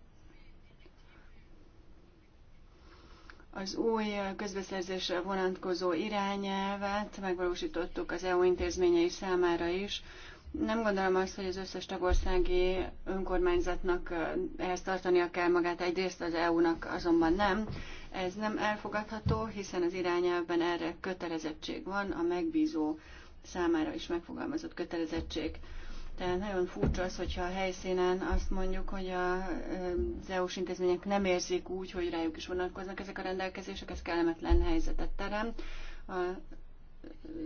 Az új közbeszerzésre vonatkozó irányelvet megvalósítottuk az EU intézményei számára is. Nem gondolom azt, hogy az összes tagországi önkormányzatnak ehhez tartania kell magát, egyrészt az EU-nak azonban nem. Ez nem elfogadható, hiszen az irányelvben erre kötelezettség van, a megbízó számára is megfogalmazott kötelezettség. Tehát nagyon furcsa az, hogyha a helyszínen azt mondjuk, hogy a EU-s intézmények nem érzik úgy, hogy rájuk is vonatkoznak ezek a rendelkezések, ez kellemetlen helyzetet terem. A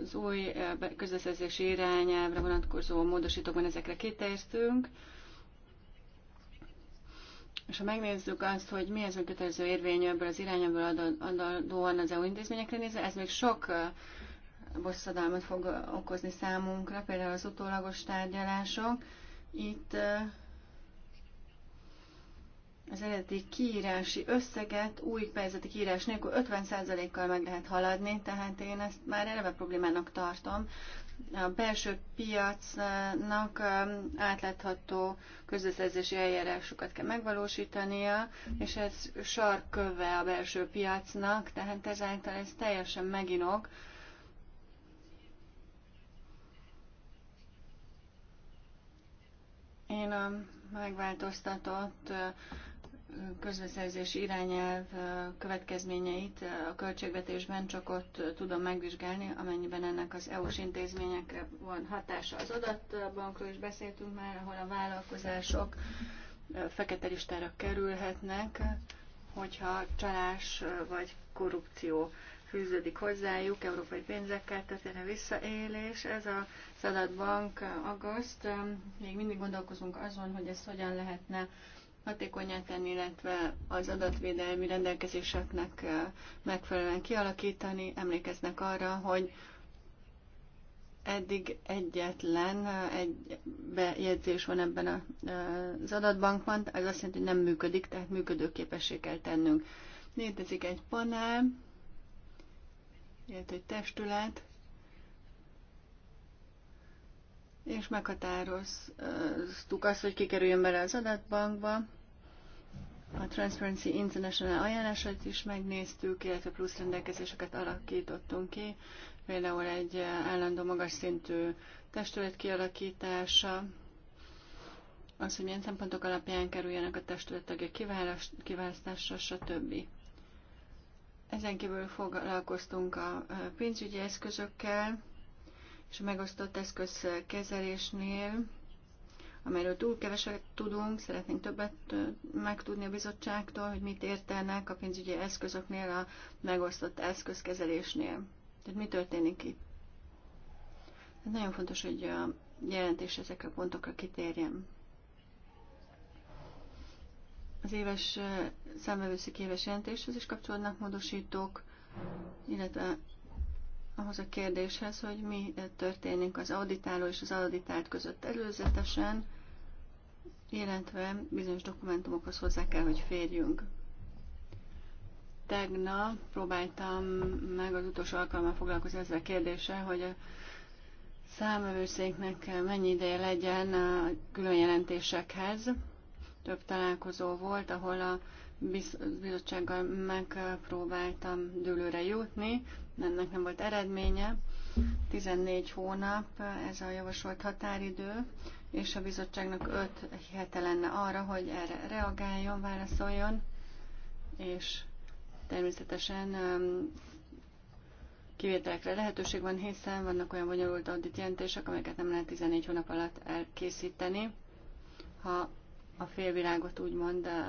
az új közbeszerzési irányelvre vonatkozó módosítókban ezekre kitértünk. És ha megnézzük azt, hogy mi az kötelező érvény ebből az irányából adódóan az EU intézményekre nézve, ez még sok bosszadalmat fog okozni számunkra, például az utólagos tárgyalások. Itt az eredeti kiírási összeget új fejezeti kiírás nélkül 50%-kal meg lehet haladni, tehát én ezt már eleve problémának tartom. A belső piacnak átlátható közbeszerzési eljárásokat kell megvalósítania, és ez sarköve a belső piacnak, tehát ezáltal ez teljesen meginok Én a megváltoztatott közbeszerzés irányelv következményeit a költségvetésben csak ott tudom megvizsgálni, amennyiben ennek az EU-s intézményekre van hatása. Az adatbankról is beszéltünk már, ahol a vállalkozások fekete listára kerülhetnek, hogyha csalás vagy korrupció fűződik hozzájuk, európai pénzekkel történő visszaélés. Ez a Bank agaszt. Um, még mindig gondolkozunk azon, hogy ezt hogyan lehetne hatékonyá tenni, illetve az adatvédelmi rendelkezéseknek uh, megfelelően kialakítani. Emlékeznek arra, hogy eddig egyetlen uh, egy bejegyzés van ebben uh, az adatbankban, ez azt jelenti, hogy nem működik, tehát működőképessé kell tennünk. Létezik egy panel, illetve egy testület, és meghatároztuk azt, hogy kikerüljön bele az adatbankba. A Transparency International ajánlását is megnéztük, illetve plusz rendelkezéseket alakítottunk ki, például egy állandó magas szintű testület kialakítása, az, hogy milyen szempontok alapján kerüljenek a testület tagja kiválasztásra, stb. Ezen kívül foglalkoztunk a pénzügyi eszközökkel, és a megosztott eszköz kezelésnél, amelyről túl keveset tudunk, szeretnénk többet megtudni a bizottságtól, hogy mit értenek a pénzügyi eszközöknél, a megosztott eszközkezelésnél. Tehát mi történik itt? Tehát nagyon fontos, hogy a jelentés ezekre a pontokra kitérjen az éves számvevőszik éves jelentéshez is kapcsolódnak módosítók, illetve ahhoz a kérdéshez, hogy mi történik az auditáló és az auditált között előzetesen, illetve bizonyos dokumentumokhoz hozzá kell, hogy férjünk. Tegnap próbáltam meg az utolsó alkalommal foglalkozni ezzel a kérdéssel, hogy a számövőszéknek mennyi ideje legyen a külön jelentésekhez, több találkozó volt, ahol a bizottsággal megpróbáltam dőlőre jutni, ennek nem volt eredménye. 14 hónap ez a javasolt határidő, és a bizottságnak 5 hete lenne arra, hogy erre reagáljon, válaszoljon, és természetesen kivételekre lehetőség van, hiszen vannak olyan bonyolult audit jelentések, amelyeket nem lehet 14 hónap alatt elkészíteni. Ha a félvilágot úgymond eh,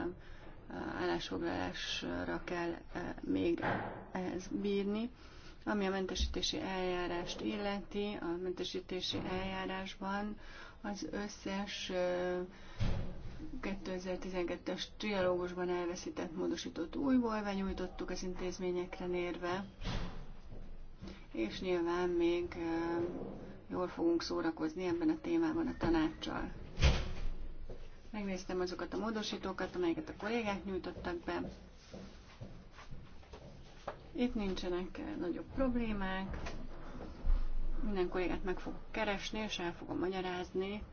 állásfoglalásra kell eh, még ehhez bírni. Ami a mentesítési eljárást illeti, a mentesítési eljárásban az összes 2012-es eh, trialógusban elveszített módosított újból benyújtottuk az intézményekre nérve, és nyilván még jól fogunk szórakozni ebben a témában a tanácssal. Megnéztem azokat a módosítókat, amelyeket a kollégák nyújtottak be. Itt nincsenek nagyobb problémák. Minden kollégát meg fogok keresni, és el fogom magyarázni,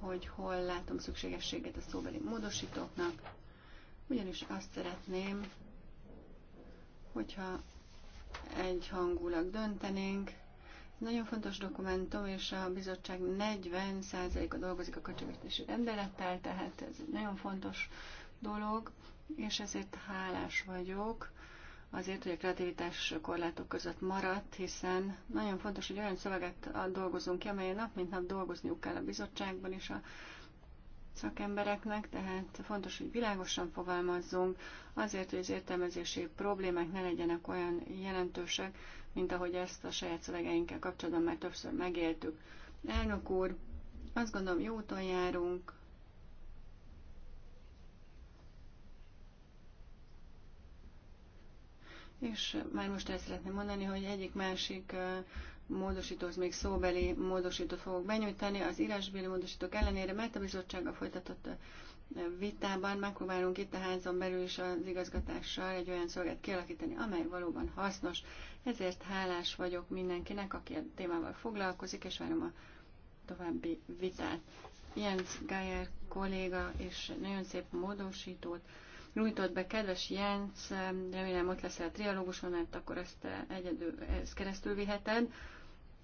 hogy hol látom szükségességet a szóbeli módosítóknak. Ugyanis azt szeretném, hogyha hangulag döntenénk, nagyon fontos dokumentum, és a bizottság 40%-a dolgozik a költségvetési rendelettel, tehát ez egy nagyon fontos dolog, és ezért hálás vagyok azért, hogy a kreativitás korlátok között maradt, hiszen nagyon fontos, hogy olyan szöveget dolgozunk ki, amelyen nap mint nap dolgozniuk kell a bizottságban is a szakembereknek, tehát fontos, hogy világosan fogalmazzunk, azért, hogy az értelmezési problémák ne legyenek olyan jelentősek, mint ahogy ezt a saját szövegeinkkel kapcsolatban már többször megéltük. Elnök úr, azt gondolom, jó úton járunk, És már most el szeretném mondani, hogy egyik másik módosítóhoz még szóbeli módosítót fogok benyújtani az írásbéli módosítók ellenére, mert a bizottsága folytatott vitában megpróbálunk itt a házon belül is az igazgatással egy olyan szolgát kialakítani, amely valóban hasznos. Ezért hálás vagyok mindenkinek, aki a témával foglalkozik, és várom a további vitát. Jens Geyer kolléga és nagyon szép módosítót nyújtott be. Kedves Jens, remélem ott leszel a trialóguson, mert akkor ezt eh, egyedül ezt keresztül viheted.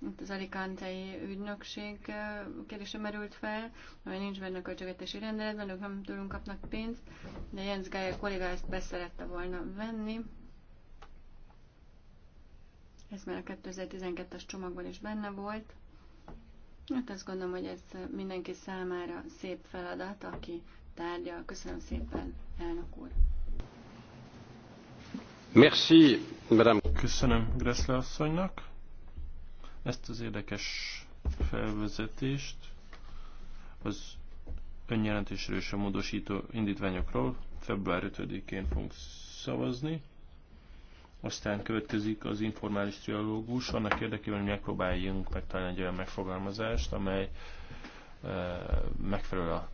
Itt az Alicantei ügynökség eh, kérdése merült fel, mert nincs benne a költségvetési rendeletben, ők nem tőlünk kapnak pénzt, de Jens Geyer kolléga ezt beszerette volna venni ez már a 2012-es csomagban is benne volt. Hát azt gondolom, hogy ez mindenki számára szép feladat, aki tárgya. Köszönöm szépen, elnök úr. Merci, madame. Köszönöm Gressle asszonynak ezt az érdekes felvezetést az önjelentésről és a módosító indítványokról február 5-én fogunk szavazni. Aztán következik az informális trialógus, annak érdekében, hogy megpróbáljunk megtalálni egy olyan megfogalmazást, amely eh, megfelel a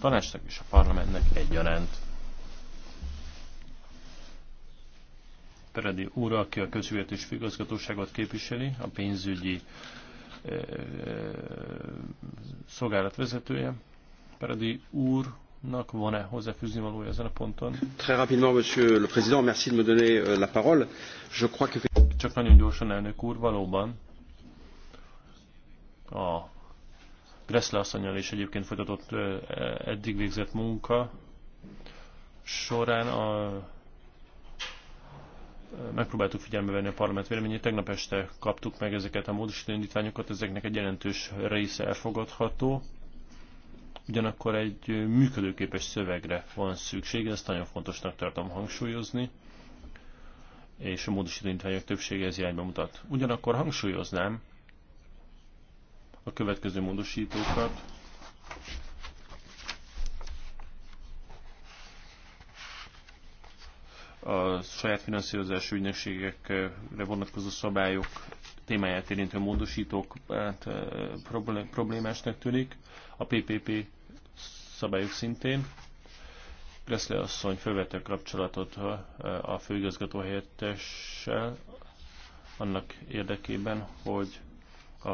tanácsnak és a parlamentnek egyaránt. Peredi úr, aki a közvetés figazgatóságot képviseli, a pénzügyi eh, eh, szolgálat vezetője. Peredi úr Nak van-e hozzáfűzni valója ezen a ponton? Très rapidement, monsieur le président, merci de me donner euh, la parole. Je crois que... Csak nagyon gyorsan, elnök úr, valóban a Gressler asszonyjal is egyébként folytatott e, eddig végzett munka során a megpróbáltuk figyelme venni a parlament véleményét. Tegnap este kaptuk meg ezeket a módosító indítványokat, ezeknek egy jelentős része elfogadható. Ugyanakkor egy működőképes szövegre van szükség, ezt nagyon fontosnak tartom hangsúlyozni, és a intványok többsége ez irányba mutat. Ugyanakkor hangsúlyoznám a következő módosítókat, a saját finanszírozási ügynökségekre vonatkozó szabályok témáját érintő módosítók hát, problémásnak tűnik. A PPP szabályok szintén. Gressle asszony felvette kapcsolatot a főigazgató helyettessel annak érdekében, hogy a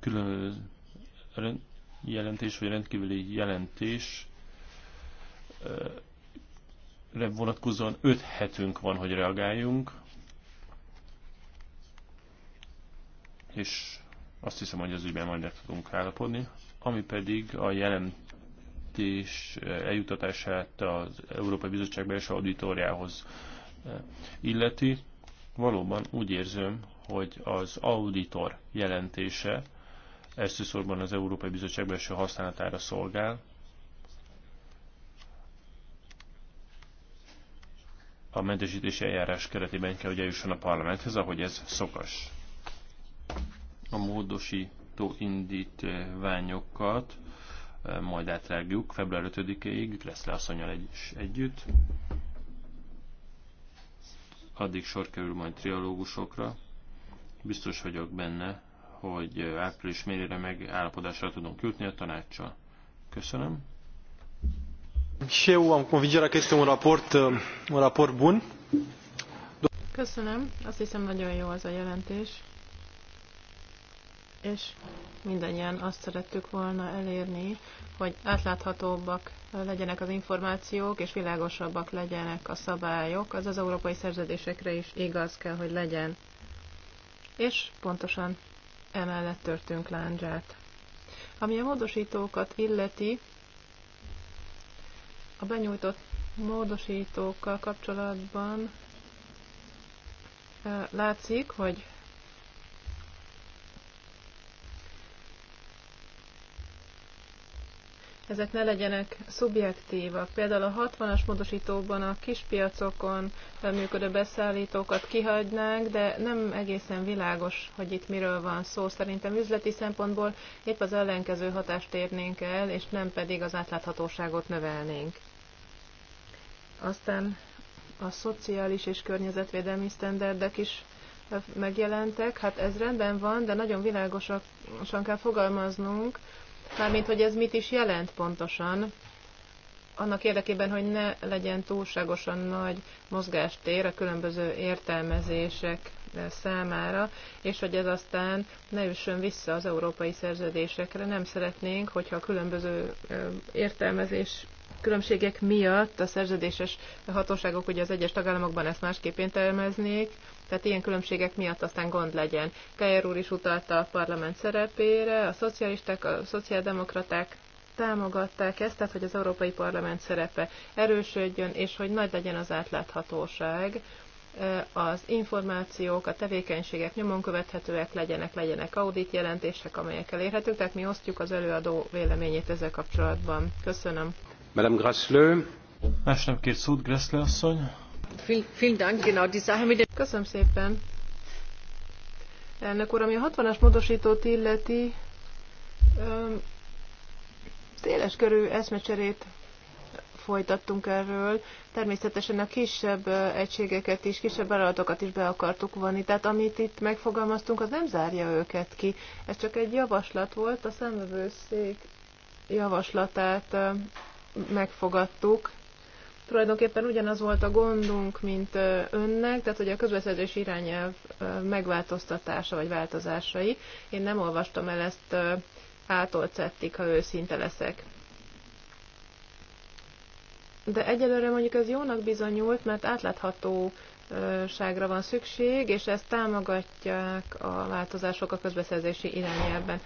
külön jelentés vagy rendkívüli jelentés vonatkozóan 5 hetünk van, hogy reagáljunk, és azt hiszem, hogy az ügyben majd meg tudunk állapodni, ami pedig a jelen jelentés eljutatását az Európai Bizottság belső auditoriához eh, illeti. Valóban úgy érzem, hogy az auditor jelentése elsősorban az Európai Bizottság belső használatára szolgál, a mentesítési eljárás keretében kell, hogy eljusson a parlamenthez, ahogy ez szokas. A módosító indítványokat majd átrágjuk február 5-ig, le asszonyal egy, együtt. Addig sor kerül majd triológusokra. Biztos vagyok benne, hogy április mérére meg állapodásra tudunk jutni a tanácssal. Köszönöm. Și amikor am convingerea a raport, a raport bun. Köszönöm, azt hiszem nagyon jó az a jelentés és mindannyian azt szerettük volna elérni, hogy átláthatóbbak legyenek az információk, és világosabbak legyenek a szabályok, az az európai szerződésekre is igaz kell, hogy legyen. És pontosan emellett törtünk láncsát. Ami a módosítókat illeti, a benyújtott módosítókkal kapcsolatban eh, látszik, hogy ezek ne legyenek szubjektívak. Például a 60-as módosítóban a kispiacokon eh, működő beszállítókat kihagynánk, de nem egészen világos, hogy itt miről van szó. Szerintem üzleti szempontból épp az ellenkező hatást érnénk el, és nem pedig az átláthatóságot növelnénk. Aztán a szociális és környezetvédelmi sztenderdek is eh, megjelentek. Hát ez rendben van, de nagyon világosan kell fogalmaznunk, mármint hogy ez mit is jelent pontosan, annak érdekében, hogy ne legyen túlságosan nagy mozgástér a különböző értelmezések számára, és hogy ez aztán ne üssön vissza az európai szerződésekre. Nem szeretnénk, hogyha a különböző értelmezés különbségek miatt a szerződéses hatóságok ugye az egyes tagállamokban ezt másképp értelmeznék, tehát ilyen különbségek miatt aztán gond legyen. Kajer úr is utalta a parlament szerepére, a szocialisták, a szociáldemokraták támogatták ezt, tehát hogy az Európai Parlament szerepe erősödjön, és hogy nagy legyen az átláthatóság, az információk, a tevékenységek nyomon követhetőek legyenek, legyenek audit jelentések, amelyek elérhetők, tehát mi osztjuk az előadó véleményét ezzel kapcsolatban. Köszönöm. Madame Grasslő. Másnap két szót, Grasslő asszony. Köszönöm szépen. Elnök úr, ami a 60-as módosítót illeti, széles körű eszmecserét folytattunk erről. Természetesen a kisebb egységeket is, kisebb vállalatokat is be akartuk vonni. Tehát amit itt megfogalmaztunk, az nem zárja őket ki. Ez csak egy javaslat volt, a számvevőszék javaslatát megfogadtuk, Tulajdonképpen ugyanaz volt a gondunk, mint önnek, tehát hogy a közbeszerzés irányelv megváltoztatása vagy változásai. Én nem olvastam el ezt átolcettik, ha őszinte leszek. De egyelőre mondjuk ez jónak bizonyult, mert átláthatóságra van szükség, és ezt támogatják a változások a közbeszerzési irányelben.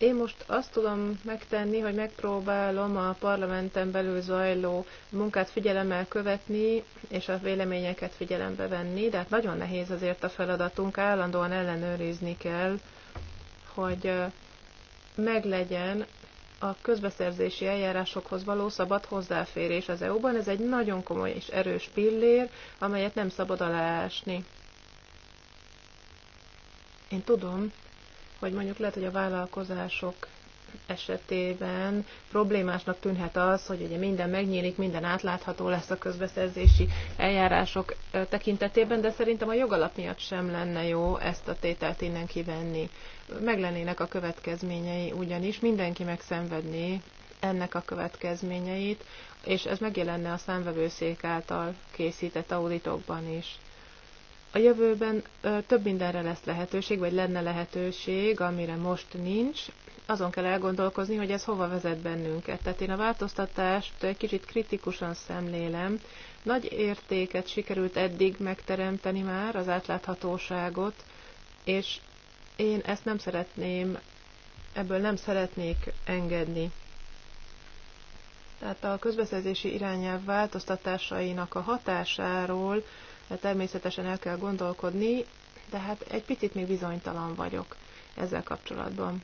Én most azt tudom megtenni, hogy megpróbálom a parlamenten belül zajló munkát figyelemmel követni, és a véleményeket figyelembe venni, de hát nagyon nehéz azért a feladatunk, állandóan ellenőrizni kell, hogy meglegyen a közbeszerzési eljárásokhoz való szabad hozzáférés az EU-ban. Ez egy nagyon komoly és erős pillér, amelyet nem szabad aláásni. Én tudom, vagy mondjuk lehet, hogy a vállalkozások esetében problémásnak tűnhet az, hogy ugye minden megnyílik, minden átlátható lesz a közbeszerzési eljárások tekintetében, de szerintem a jogalap miatt sem lenne jó ezt a tételt innen kivenni. Meglennének a következményei ugyanis, mindenki megszenvedné ennek a következményeit, és ez megjelenne a számvevőszék által készített auditokban is a jövőben több mindenre lesz lehetőség, vagy lenne lehetőség, amire most nincs. Azon kell elgondolkozni, hogy ez hova vezet bennünket. Tehát én a változtatást egy kicsit kritikusan szemlélem. Nagy értéket sikerült eddig megteremteni már, az átláthatóságot, és én ezt nem szeretném, ebből nem szeretnék engedni. Tehát a közbeszerzési irányelv változtatásainak a hatásáról természetesen el kell gondolkodni, de hát egy picit még bizonytalan vagyok ezzel kapcsolatban.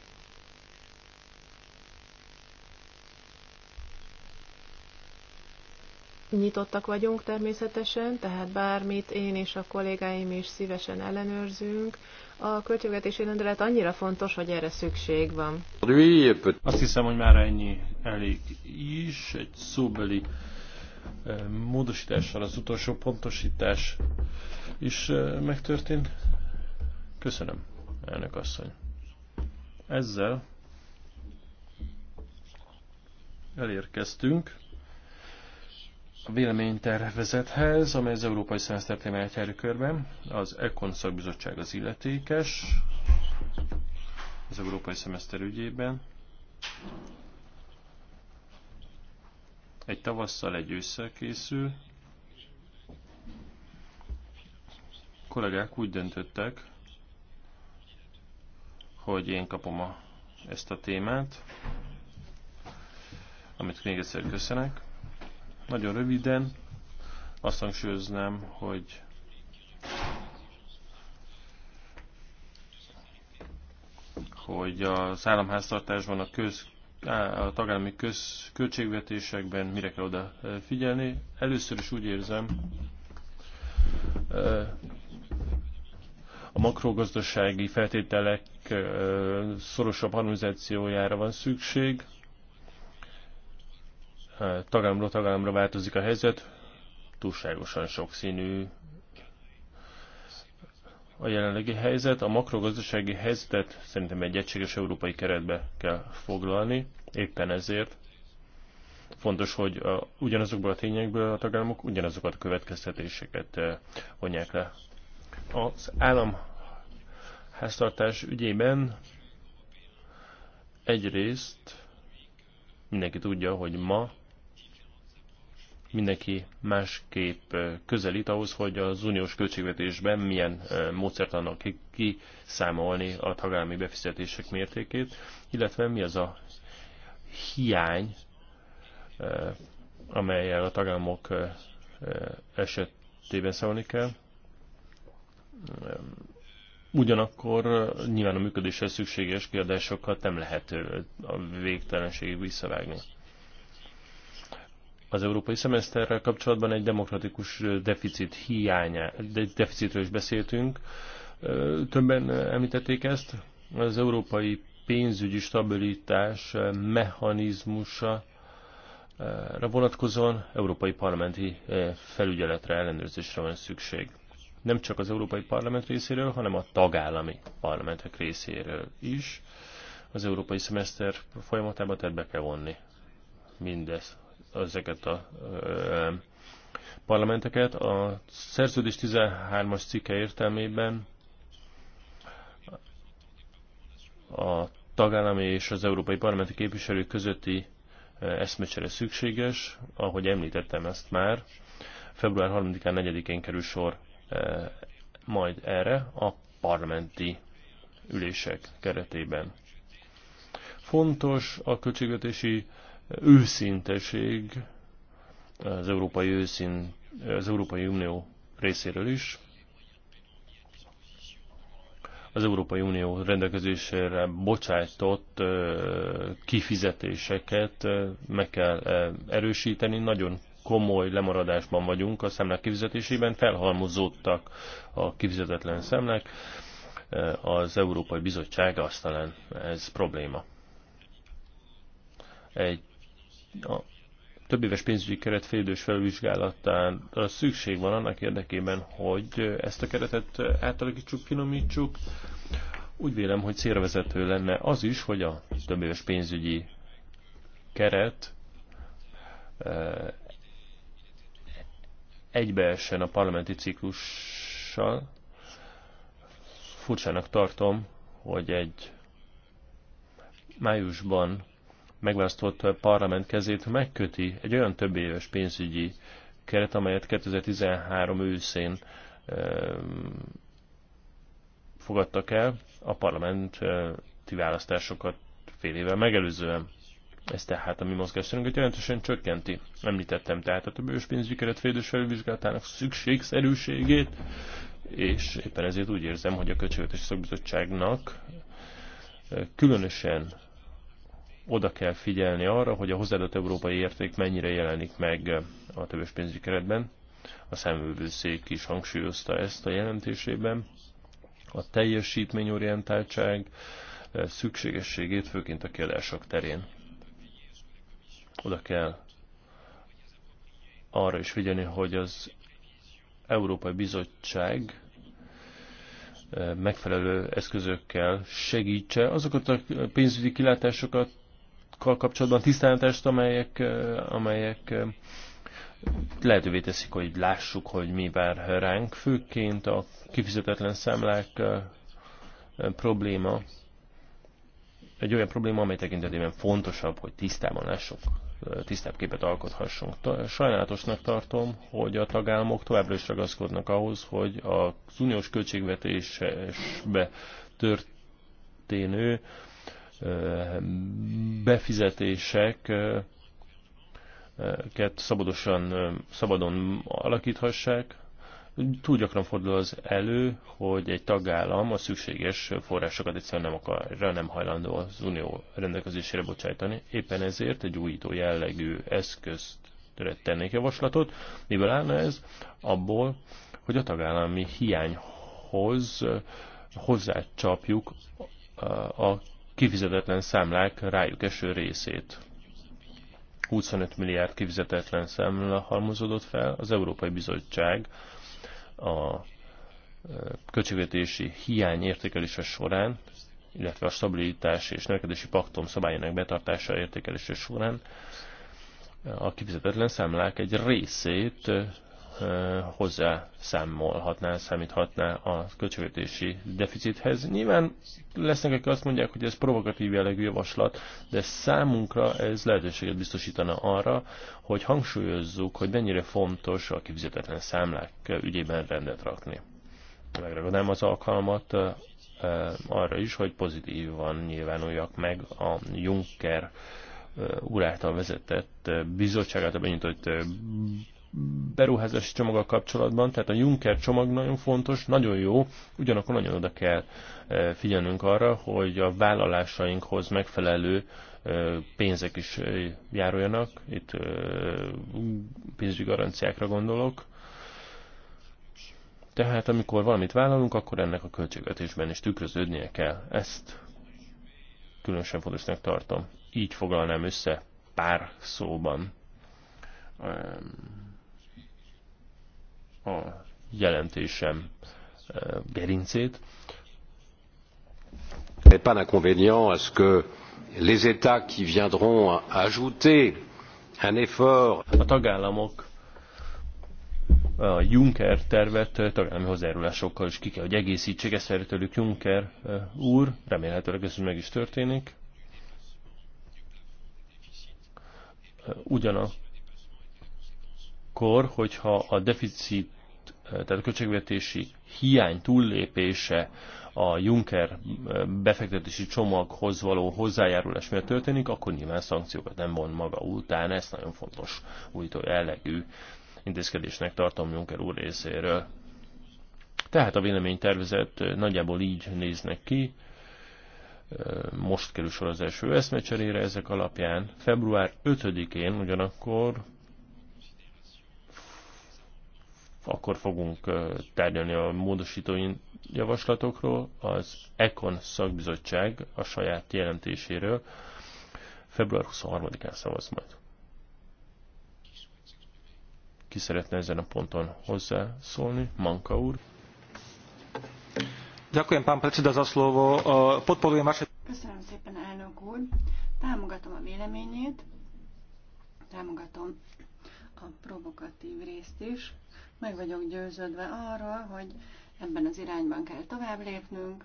Nyitottak vagyunk természetesen, tehát bármit én és a kollégáim is szívesen ellenőrzünk. A költségvetési rendelet annyira fontos, hogy erre szükség van. Azt hiszem, hogy már ennyi elég is. Egy szóbeli módosítással az utolsó pontosítás is megtörtént. Köszönöm, elnök asszony. Ezzel elérkeztünk a véleménytervezethez, amely az Európai Szemeszter témáját körben. Az Econ szakbizottság az illetékes az Európai Szemeszter ügyében egy tavasszal, egy ősszel készül. A kollégák úgy döntöttek, hogy én kapom a, ezt a témát, amit még egyszer köszönek. Nagyon röviden azt hangsúlyoznám, hogy hogy az államháztartásban a köz a tagállami köz, költségvetésekben mire kell oda figyelni. Először is úgy érzem, a makrogazdasági feltételek szorosabb harmonizációjára van szükség. Tagállamról tagállamra változik a helyzet, túlságosan sokszínű a jelenlegi helyzet. A makrogazdasági helyzetet szerintem egy egységes európai keretbe kell foglalni, éppen ezért fontos, hogy a, ugyanazokból a tényekből a tagállamok ugyanazokat a következtetéseket eh, vonják le. Az államháztartás ügyében egyrészt mindenki tudja, hogy ma mindenki másképp közelít ahhoz, hogy az uniós költségvetésben milyen módszert annak kiszámolni a tagállami befizetések mértékét, illetve mi az a hiány, amelyel a tagállamok esetében számolni kell. Ugyanakkor nyilván a működéshez szükséges kiadásokat nem lehet a végtelenségig visszavágni az európai szemeszterrel kapcsolatban egy demokratikus deficit hiánya, egy deficitről is beszéltünk. Többen említették ezt. Az európai pénzügyi stabilitás mechanizmusa vonatkozóan európai parlamenti felügyeletre, ellenőrzésre van szükség. Nem csak az Európai Parlament részéről, hanem a tagállami parlamentek részéről is. Az európai szemeszter folyamatában tehát be kell vonni mindez ezeket a parlamenteket. A szerződés 13-as cikke értelmében a tagállami és az európai parlamenti képviselők közötti eszmecsere szükséges, ahogy említettem ezt már, február 3-án, 4-én kerül sor e, majd erre a parlamenti ülések keretében. Fontos a költségvetési őszinteség az Európai, őszín, az Európai Unió részéről is. Az Európai Unió rendelkezésére bocsájtott kifizetéseket meg kell erősíteni. Nagyon komoly lemaradásban vagyunk a szemlek kifizetésében, felhalmozódtak a kifizetetlen szemlek. Az Európai Bizottság aztán ez probléma. Egy a több éves pénzügyi keret félidős felvizsgálatára szükség van annak érdekében, hogy ezt a keretet átalakítsuk, finomítsuk. Úgy vélem, hogy célvezető lenne az is, hogy a több éves pénzügyi keret egybeessen a parlamenti ciklussal. Furcsának tartom, hogy egy májusban megválasztott parlament kezét megköti egy olyan több éves pénzügyi keret, amelyet 2013 őszén fogadtak el a parlamenti választásokat fél évvel megelőzően. Ez tehát a mi mozgásszerünket jelentősen csökkenti. Említettem tehát a éves pénzügyi keret félidős felülvizsgálatának szükségszerűségét, és éppen ezért úgy érzem, hogy a Költségvetési Szakbizottságnak különösen oda kell figyelni arra, hogy a hozzáadott európai érték mennyire jelenik meg a többes pénzügyi keretben. A szemvőszék is hangsúlyozta ezt a jelentésében. A teljesítményorientáltság eh, szükségességét, főként a kiadások terén. Oda kell arra is figyelni, hogy az Európai Bizottság eh, megfelelő eszközökkel segítse azokat a pénzügyi kilátásokat, kapcsolatban tisztánlátást, amelyek, amelyek lehetővé teszik, hogy lássuk, hogy mi vár ránk, főként a kifizetetlen számlák probléma, egy olyan probléma, amely tekintetében fontosabb, hogy tisztában lássuk, tisztább képet alkothassunk. Sajnálatosnak tartom, hogy a tagállamok továbbra is ragaszkodnak ahhoz, hogy az uniós költségvetésbe történő befizetések ket szabadosan, szabadon alakíthassák. Túl gyakran fordul az elő, hogy egy tagállam a szükséges forrásokat egyszerűen nem akarra, nem hajlandó az unió rendelkezésére bocsájtani. Éppen ezért egy újító jellegű eszközt tennék javaslatot. Miből állna ez? Abból, hogy a tagállami hiányhoz hozzácsapjuk a kifizetetlen számlák rájuk eső részét. 25 milliárd kifizetetlen számla halmozódott fel, az Európai Bizottság a e, költségvetési hiány értékelése során, illetve a stabilitás és növekedési paktum szabályának betartása értékelése során e, a kifizetetlen számlák egy részét e, hozzá számolhatná, számíthatná a költségvetési deficithez. Nyilván lesznek, akik azt mondják, hogy ez provokatív jellegű javaslat, de számunkra ez lehetőséget biztosítana arra, hogy hangsúlyozzuk, hogy mennyire fontos a kifizetetlen számlák ügyében rendet rakni. Megragadnám az alkalmat arra is, hogy pozitívan nyilvánuljak meg a Juncker úr által vezetett bizottságát, a benyújtott beruházási csomaggal kapcsolatban, tehát a Juncker csomag nagyon fontos, nagyon jó, ugyanakkor nagyon oda kell e, figyelnünk arra, hogy a vállalásainkhoz megfelelő e, pénzek is e, járuljanak, itt pénzügyi garanciákra gondolok. Tehát amikor valamit vállalunk, akkor ennek a költségvetésben is tükröződnie kell. Ezt különösen fontosnak tartom. Így foglalnám össze pár szóban a jelentésem eh, gerincét. n'est pas d'inconvénient à ce que les États qui viendront ajouter un effort. A tagállamok a Juncker tervet eh, tagállami hozzájárulásokkal is ki kell, hogy egészítsék. Ezt várja tőlük Juncker eh, úr. Remélhetőleg ez meg is történik. Ugyanakkor, hogyha a deficit tehát a költségvetési hiány túllépése a Juncker befektetési csomaghoz való hozzájárulás miatt történik, akkor nyilván szankciókat nem von maga után, Ez nagyon fontos újtó jellegű intézkedésnek tartom Juncker úr részéről. Tehát a véleménytervezet nagyjából így néznek ki, most kerül sor az első eszmecserére ezek alapján. Február 5-én ugyanakkor akkor fogunk tárgyalni a módosítói javaslatokról. Az ECON szakbizottság a saját jelentéséről február 23-án szavaz majd. Ki szeretne ezen a ponton hozzászólni? Manka úr. Ďakujem, pán predseda, za slovo. Podporujem vaše... Köszönöm szépen, elnök úr. Támogatom a véleményét, támogatom a provokatív részt is, meg vagyok győződve arról, hogy ebben az irányban kell tovább lépnünk.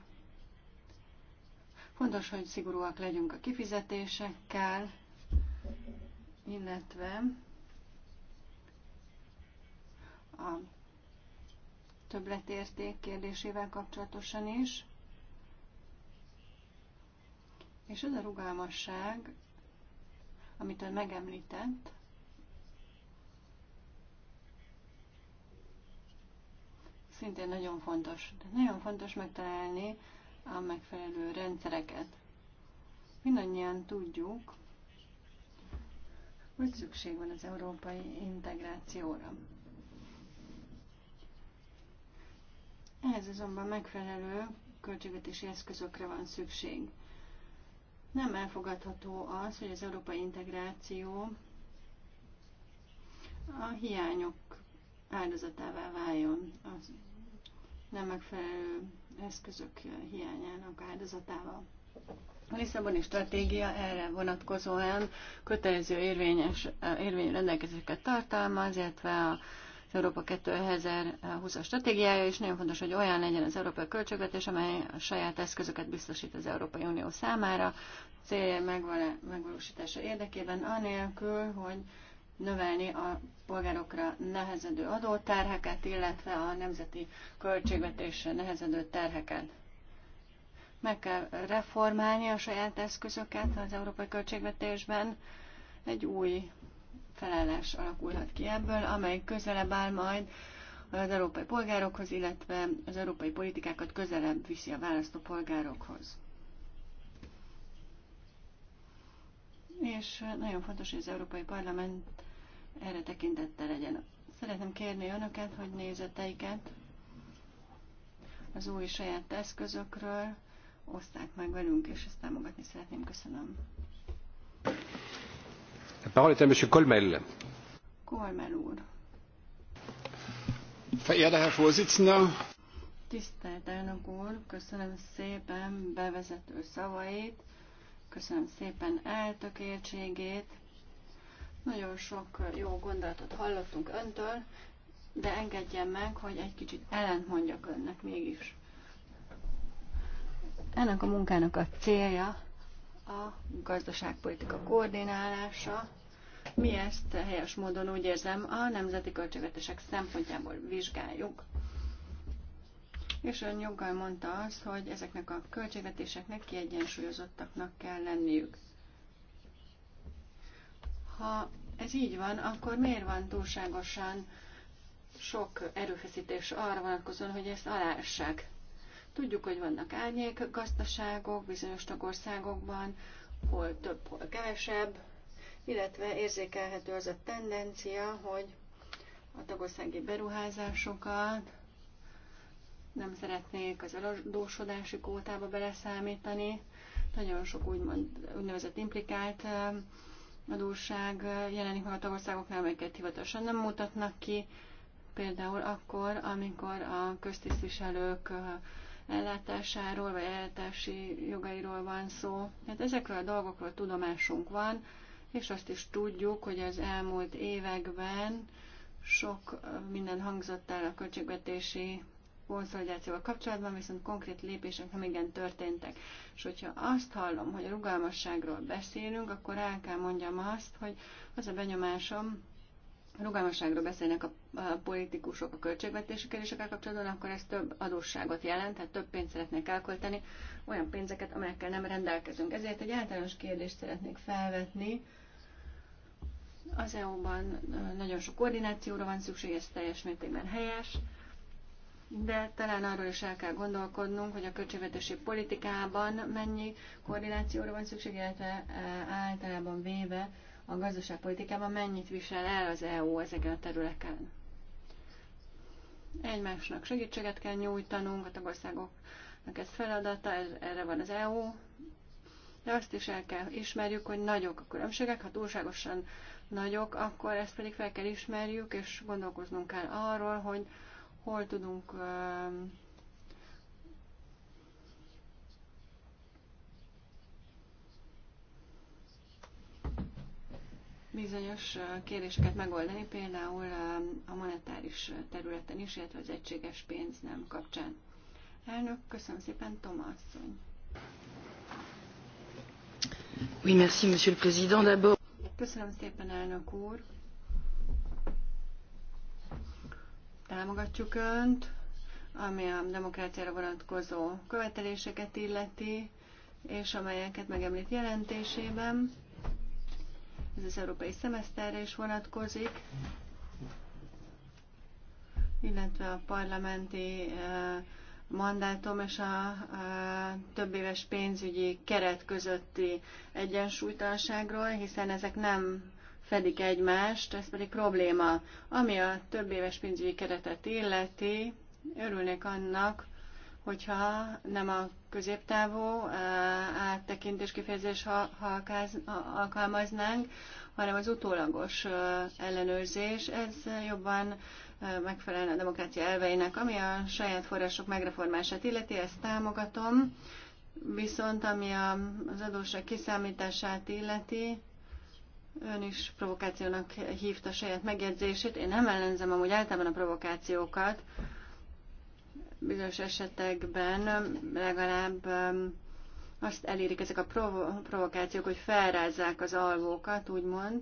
Fontos, hogy szigorúak legyünk a kifizetésekkel, illetve a többletérték kérdésével kapcsolatosan is. És ez a rugalmasság, amit ön megemlített, szintén nagyon fontos. De nagyon fontos megtalálni a megfelelő rendszereket. Mindannyian tudjuk, hogy szükség van az európai integrációra. Ehhez azonban megfelelő költségvetési eszközökre van szükség. Nem elfogadható az, hogy az európai integráció a hiányok áldozatává váljon. Az nem megfelelő eszközök hiányának áldozatával. A Lisszaboni stratégia erre vonatkozóan kötelező érvényes, érvényű rendelkezéseket tartalmaz, illetve a az Európa 2020-as stratégiája, és nagyon fontos, hogy olyan legyen az európai költségvetés, amely a saját eszközöket biztosít az Európai Unió számára, célja megvalósítása érdekében, anélkül, hogy növelni a polgárokra nehezedő adóterheket, illetve a nemzeti költségvetésre nehezedő terheket. Meg kell reformálni a saját eszközöket az európai költségvetésben. Egy új felállás alakulhat ki ebből, amely közelebb áll majd az európai polgárokhoz, illetve az európai politikákat közelebb viszi a választó polgárokhoz. És nagyon fontos, hogy az Európai Parlament erre tekintettel legyen. Szeretném kérni önöket, hogy nézeteiket az új saját eszközökről oszták meg velünk, és ezt támogatni szeretném. Köszönöm. A parole est à monsieur Colmel. Colmel úr. Verehrter Herr Vorsitzender. Tisztelt elnök úr, köszönöm szépen bevezető szavait, köszönöm szépen eltökértségét, nagyon sok jó gondolatot hallottunk öntől, de engedjen meg, hogy egy kicsit mondjak önnek mégis. Ennek a munkának a célja a gazdaságpolitika koordinálása. Mi ezt helyes módon úgy érzem a nemzeti költségvetések szempontjából vizsgáljuk. És ön joggal mondta azt, hogy ezeknek a költségvetéseknek kiegyensúlyozottaknak kell lenniük. Ha ez így van, akkor miért van túlságosan sok erőfeszítés arra vonatkozóan, hogy ezt alássák? Tudjuk, hogy vannak árnyék gazdaságok bizonyos tagországokban, hol több, hol kevesebb, illetve érzékelhető az a tendencia, hogy a tagországi beruházásokat nem szeretnék az eladósodási kótába beleszámítani. Nagyon sok úgymond úgynevezett implikált adósság eh, jelenik meg a tagországoknál, amelyeket hivatalosan nem mutatnak ki, például akkor, amikor a köztisztviselők eh, ellátásáról vagy ellátási jogairól van szó. Hát ezekről a dolgokról tudomásunk van, és azt is tudjuk, hogy az elmúlt években sok eh, minden hangzott el a költségvetési konszolidációval kapcsolatban viszont konkrét lépések nem igen történtek. És hogyha azt hallom, hogy a rugalmasságról beszélünk, akkor el kell mondjam azt, hogy az a benyomásom, a rugalmasságról beszélnek a politikusok a költségvetési kérdésekkel kapcsolatban, akkor ez több adósságot jelent, tehát több pénzt szeretnék elkölteni, olyan pénzeket, amelyekkel nem rendelkezünk. Ezért egy általános kérdést szeretnék felvetni, az EU-ban nagyon sok koordinációra van szükség, ez teljes mértékben helyes, de talán arról is el kell gondolkodnunk, hogy a költségvetési politikában mennyi koordinációra van szükség, illetve eh, általában véve a gazdaságpolitikában mennyit visel el az EU ezeken a területeken. Egymásnak segítséget kell nyújtanunk, a tagországoknak ez feladata, ez, erre van az EU, de azt is el kell ismerjük, hogy nagyok a különbségek, ha túlságosan nagyok, akkor ezt pedig fel kell ismerjük, és gondolkoznunk kell arról, hogy hol tudunk bizonyos kérdéseket megoldani, például a monetáris területen is, illetve az egységes pénz nem kapcsán. Elnök, köszönöm szépen, Toma asszony. Oui, merci, monsieur le président. D'abord... Köszönöm szépen, elnök úr. Támogatjuk Önt, ami a demokráciára vonatkozó követeléseket illeti, és amelyeket megemlít jelentésében. Ez az európai szemeszterre is vonatkozik, illetve a parlamenti e, mandátum és a e, több éves pénzügyi keret közötti egyensúlytalanságról, hiszen ezek nem fedik egymást, ez pedig probléma. Ami a több éves pénzügyi keretet illeti, örülnék annak, hogyha nem a középtávú eh, áttekintés kifejezés alkalmaznánk, hanem az utólagos eh, ellenőrzés, ez jobban eh, megfelelne a demokrácia elveinek, ami a saját források megreformását illeti, ezt támogatom, viszont ami az adósság kiszámítását illeti, Ön is provokációnak hívta saját megjegyzését. Én nem ellenzem amúgy általában a provokációkat. Bizonyos esetekben legalább azt elérik ezek a provo- provokációk, hogy felrázzák az alvókat, úgymond.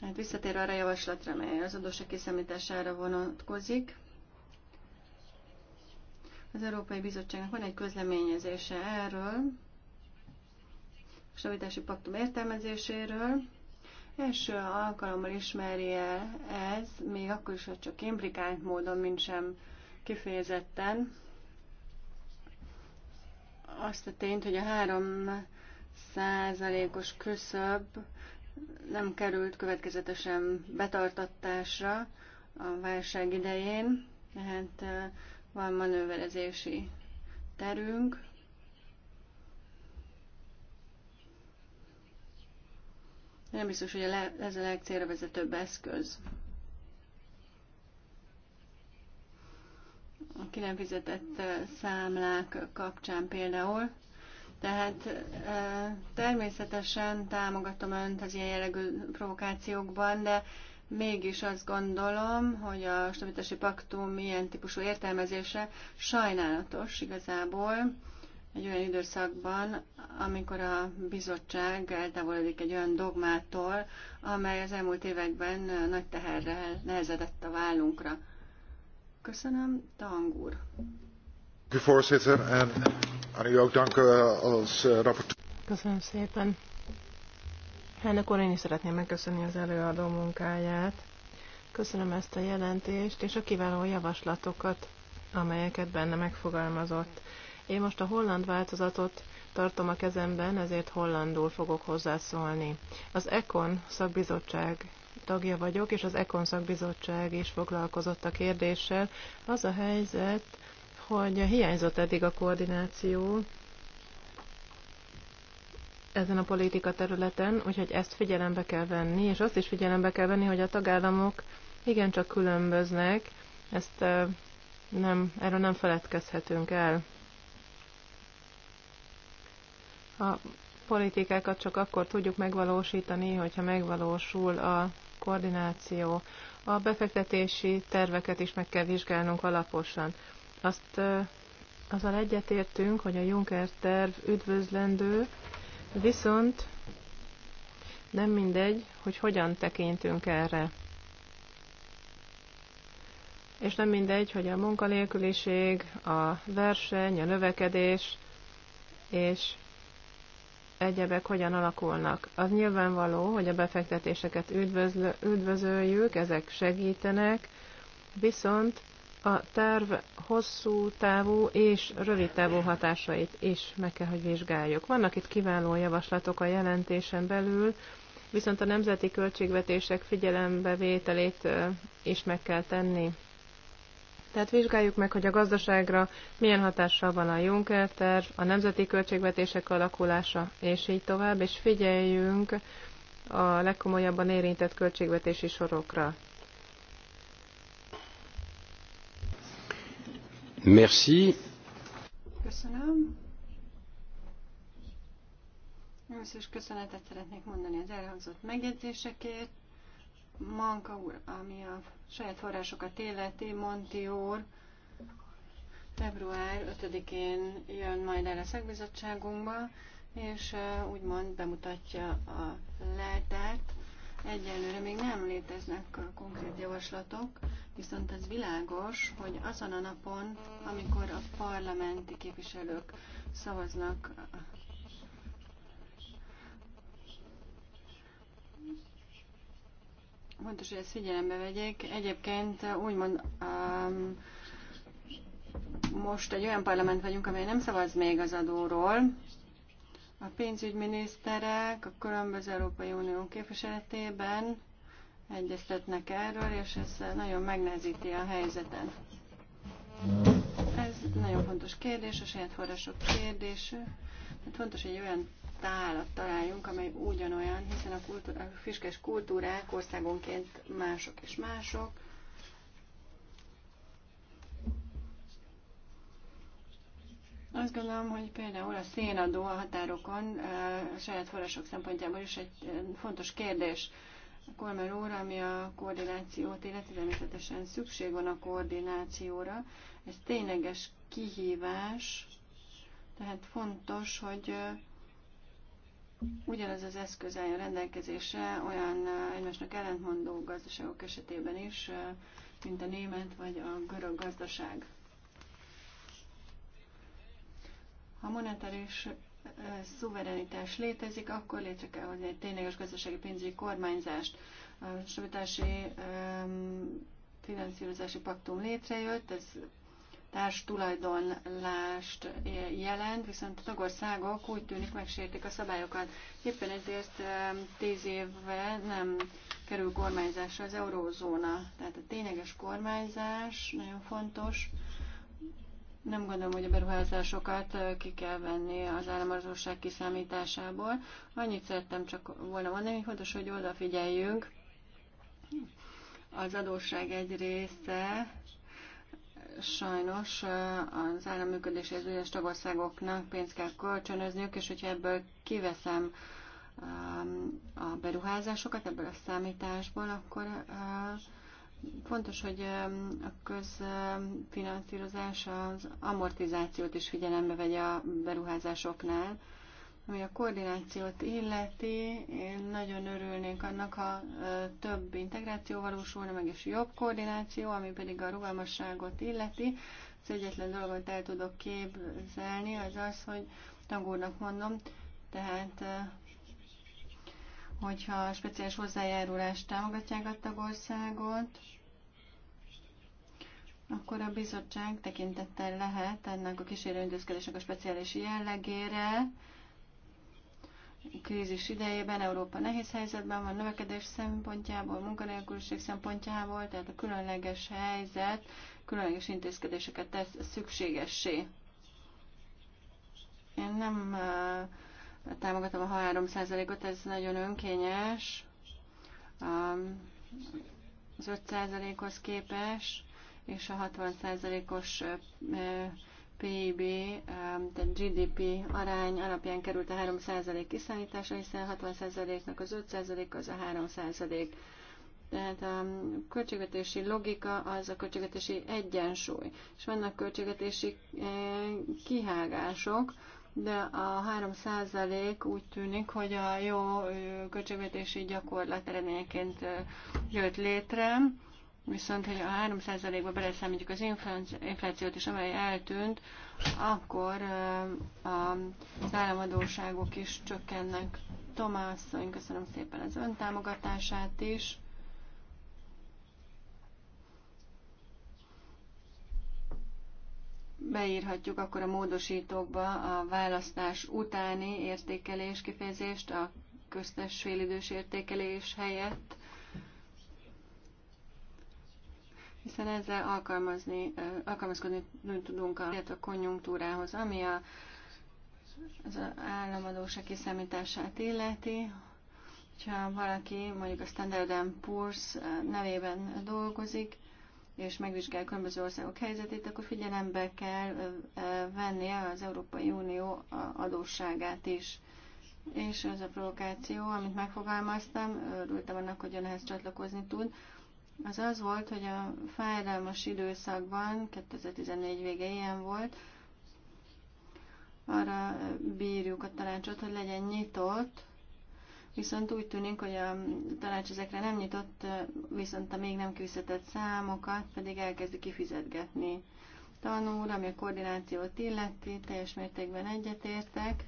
Hát visszatér arra a javaslatra, mely az adósok kiszámítására vonatkozik. Az Európai Bizottságnak van egy közleményezése erről stabilitási paktum értelmezéséről. Első alkalommal ismeri el ez, még akkor is, hogy csak implikált módon, mint sem kifejezetten, azt a tényt, hogy a három százalékos küszöb nem került következetesen betartatásra a válság idején, tehát eh, van manőverezési terünk, Nem biztos, hogy ez a legcélra vezetőbb eszköz. A ki nem fizetett számlák kapcsán például. Tehát természetesen támogatom Önt az ilyen jellegű provokációkban, de mégis azt gondolom, hogy a stabilitási paktum ilyen típusú értelmezése sajnálatos igazából egy olyan időszakban, amikor a bizottság eltávolodik egy olyan dogmától, amely az elmúlt években nagy teherrel nehezedett a vállunkra. Köszönöm, Tang úr. Eh, eh, Köszönöm szépen. Elnök úr, én is szeretném megköszönni az előadó munkáját. Köszönöm ezt a jelentést és a kiváló javaslatokat, amelyeket benne megfogalmazott. Én most a holland változatot tartom a kezemben, ezért hollandul fogok hozzászólni. Az ECON szakbizottság tagja vagyok, és az ECON szakbizottság is foglalkozott a kérdéssel. Az a helyzet, hogy hiányzott eddig a koordináció ezen a politika területen, úgyhogy ezt figyelembe kell venni, és azt is figyelembe kell venni, hogy a tagállamok igencsak különböznek, ezt nem, erről nem feledkezhetünk el. A politikákat csak akkor tudjuk megvalósítani, hogyha megvalósul a koordináció. A befektetési terveket is meg kell vizsgálnunk alaposan. Azt azzal egyetértünk, hogy a Juncker terv üdvözlendő, viszont nem mindegy, hogy hogyan tekintünk erre. És nem mindegy, hogy a munkanélküliség, a verseny, a növekedés és egyebek hogyan alakulnak. Az nyilvánvaló, hogy a befektetéseket üdvözöljük, ezek segítenek, viszont a terv hosszú távú és rövid távú hatásait is meg kell, hogy vizsgáljuk. Vannak itt kiváló javaslatok a jelentésen belül, viszont a nemzeti költségvetések figyelembevételét is meg kell tenni. Tehát vizsgáljuk meg, hogy a gazdaságra milyen hatással van a Juncker terv, a nemzeti költségvetések alakulása, és így tovább, és figyeljünk a legkomolyabban érintett költségvetési sorokra. Merci. Köszönöm. Most köszönetet szeretnék mondani az elhangzott megjegyzésekért. Manka úr, ami a saját forrásokat illeti, Monti úr, február 5-én jön majd el a szakbizottságunkba, és úgymond bemutatja a leltárt. Egyelőre még nem léteznek konkrét javaslatok, viszont ez világos, hogy azon a napon, amikor a parlamenti képviselők szavaznak Fontos, hogy ezt figyelembe vegyék. Egyébként uh, úgymond um, most egy olyan parlament vagyunk, amely nem szavaz még az adóról. A pénzügyminiszterek a különböző Európai Unió képviseletében egyeztetnek erről, és ez uh, nagyon megnehezíti a helyzetet. Ez nagyon fontos kérdés, a saját források kérdése. Mert fontos egy olyan tálat találjunk, amely ugyanolyan, hiszen a, kultúra, a fiskes kultúrák országonként mások és mások. Azt gondolom, hogy például a szénadó a határokon a saját források szempontjából is egy fontos kérdés. A Kolmer úr, ami a koordinációt illeti, természetesen szükség van a koordinációra. Ez tényleges kihívás, tehát fontos, hogy Ugyanez az eszköz áll rendelkezésre olyan egymásnak ellentmondó gazdaságok esetében is, mint a német vagy a görög gazdaság. Ha monetáris szuverenitás létezik, akkor létre kell hozni egy tényleges gazdasági pénzügyi kormányzást. A stabilitási finanszírozási paktum létrejött, ez társtulajdonlást jelent, viszont a tagországok úgy tűnik megsértik a szabályokat. Éppen ezért tíz évvel nem kerül kormányzásra az eurózóna. Tehát a tényleges kormányzás nagyon fontos. Nem gondolom, hogy a beruházásokat ki kell venni az államadóság kiszámításából. Annyit szerettem csak volna mondani, hogy fontos, hogy odafigyeljünk. Az adósság egy része sajnos az államműködéséhez bizonyos tagországoknak pénzt kell kölcsönözniük, és hogyha ebből kiveszem a beruházásokat ebből a számításból, akkor fontos, hogy a közfinanszírozás az amortizációt is figyelembe vegye a beruházásoknál, ami a koordinációt illeti, én nagyon örülnék annak, ha több integráció valósulna meg, is jobb koordináció, ami pedig a rugalmasságot illeti. Az egyetlen amit el tudok képzelni, az az, hogy tagúrnak mondom, tehát hogyha a speciális hozzájárulást támogatják a tagországot, akkor a bizottság tekintettel lehet ennek a kísérő a speciális jellegére, krízis idejében Európa nehéz helyzetben van, növekedés szempontjából, munkanélküliség szempontjából, tehát a különleges helyzet különleges intézkedéseket tesz szükségessé. Én nem eh, támogatom a 3%-ot, ez nagyon önkényes. Um, az 5%-hoz képes és a 60%-os PIB, um, tehát GDP arány alapján került a 3% kiszámítása, hiszen 60%-nak az 5% az a 3%. Tehát a költségvetési logika az a költségvetési egyensúly, és vannak költségvetési eh, kihágások, de a 3% úgy tűnik, hogy a jó költségvetési gyakorlat eredményeként jött létre, Viszont, hogy a 3%-ba beleszámítjuk az inflációt is, amely eltűnt, akkor az államadóságok is csökkennek. Tomászony, köszönöm szépen az ön támogatását is. Beírhatjuk akkor a módosítókba a választás utáni értékelés kifejezést a köztes félidős értékelés helyett hiszen ezzel alkalmazni, alkalmazkodni tudunk a, a konjunktúrához, ami a, az államadóság kiszámítását illeti. Ha valaki mondjuk a Standard Poor's nevében dolgozik, és megvizsgál különböző országok helyzetét, akkor figyelembe kell vennie az Európai Unió adósságát is. És ez a provokáció, amit megfogalmaztam, örültem annak, hogy ön ehhez csatlakozni tud, az az volt, hogy a fájdalmas időszakban, 2014 vége ilyen volt, arra bírjuk a tanácsot, hogy legyen nyitott, viszont úgy tűnik, hogy a tanács ezekre nem nyitott, viszont a még nem kifizetett számokat pedig elkezdi kifizetgetni. Tanul, ami a koordinációt illeti, teljes mértékben egyetértek.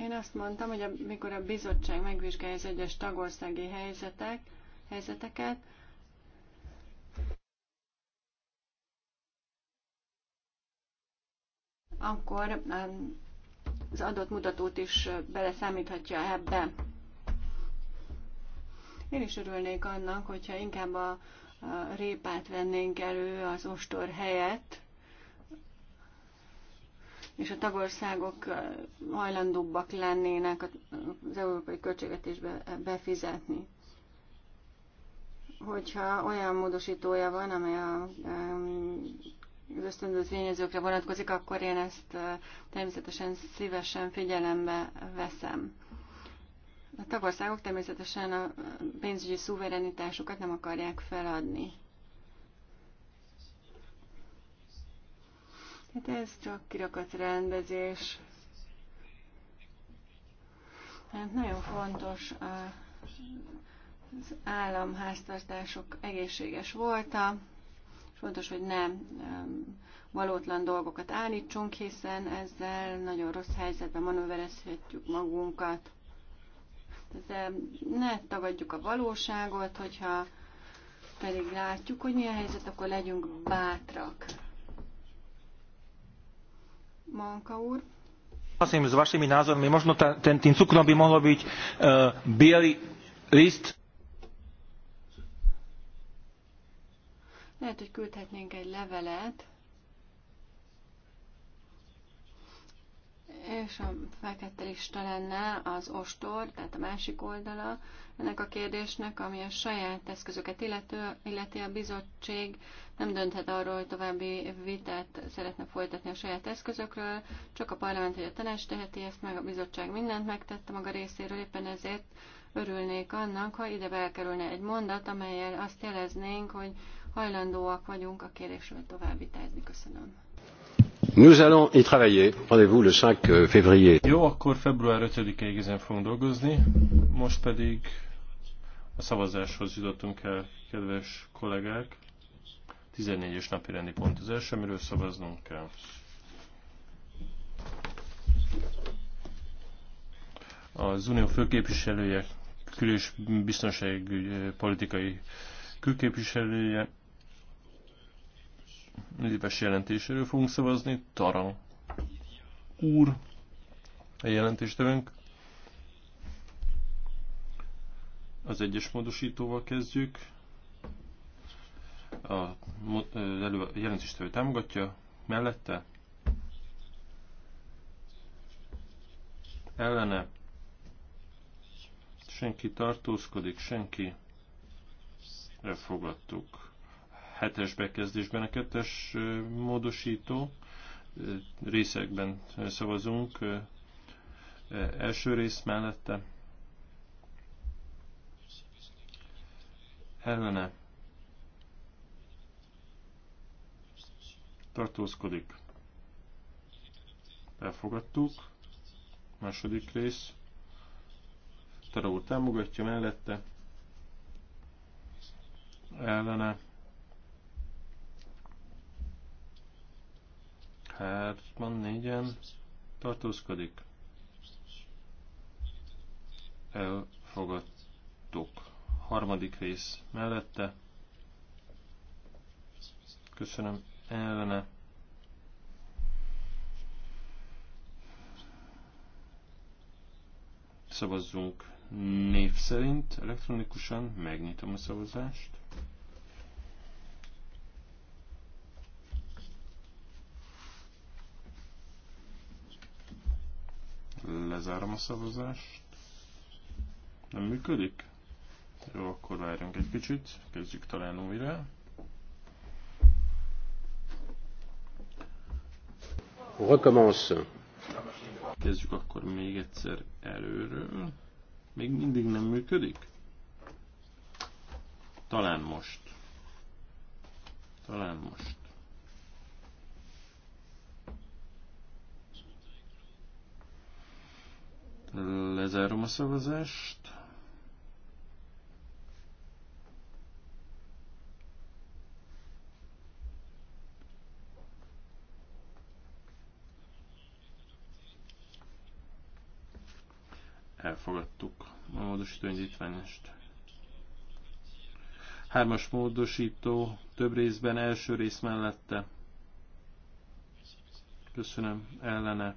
Én azt mondtam, hogy amikor a bizottság megvizsgálja az egyes tagországi helyzetek, helyzeteket, akkor um, az adott mutatót is beleszámíthatja ebbe. Én is örülnék annak, hogyha inkább a, a répát vennénk elő az ostor helyett, és a tagországok hajlandóbbak lennének az európai költségvetésbe befizetni. Hogyha olyan módosítója van, amely a az ösztöndő tényezőkre vonatkozik, akkor én ezt természetesen szívesen figyelembe veszem. A tagországok természetesen a pénzügyi szuverenitásukat nem akarják feladni. Hát ez csak kirakat rendezés. Hát nagyon fontos a, az államháztartások egészséges volta, és fontos, hogy nem valótlan dolgokat állítsunk, hiszen ezzel nagyon rossz helyzetben manőverezhetjük magunkat. De ne tagadjuk a valóságot, hogyha pedig látjuk, hogy mi a helyzet, akkor legyünk bátrak súhlasím s vašimi názormi. Možno tým cukrom by mohol byť e, biely list. Lehet, hogy küldhetnénk egy levelet, és a fekete lista lenne az ostor, tehát a másik oldala ennek a kérdésnek, ami a saját eszközöket illető, illeti a bizottság nem dönthet arról, hogy további vitát szeretne folytatni a saját eszközökről, csak a parlament vagy a tanács teheti ezt meg, a bizottság mindent megtette maga részéről, éppen ezért örülnék annak, ha ide belkerülne egy mondat, amelyel azt jeleznénk, hogy hajlandóak vagyunk a kérésről tovább vitázni. Köszönöm. Nous allons y travailler. Rendez-vous le 5 euh, février. Jó, akkor február 5-ig ezen fogunk dolgozni. Most pedig a szavazáshoz jutottunk el, kedves kollégák. 14-es napi rendi pont az első, amiről szavaznunk kell. Az unió főképviselője, kül- és eh, politikai külképviselője éves jelentéséről fogunk szavazni. Taran úr, a jelentéstevőnk. Az egyes módosítóval kezdjük. A, elő, a jelentéstevő támogatja, mellette ellene senki tartózkodik, senki elfogadtuk hetes bekezdésben a kettes módosító részekben szavazunk. Első rész mellette ellene tartózkodik. Elfogadtuk. Második rész. Tara támogatja mellette. Ellene Hárman, négyen tartózkodik. Elfogadtuk. Harmadik rész mellette. Köszönöm ellene. Szavazzunk név szerint elektronikusan, megnyitom a szavazást. Lezárom a szavazást. Nem működik? Jó, akkor várjunk egy kicsit, kezdjük talán újra. Recommence. Kezdjük akkor még egyszer előről. Még mindig nem működik? Talán most. Talán most. Lezárom a szavazást. Elfogadtuk a módosító indítványást. Hármas módosító, több részben első rész mellette. Köszönöm, ellene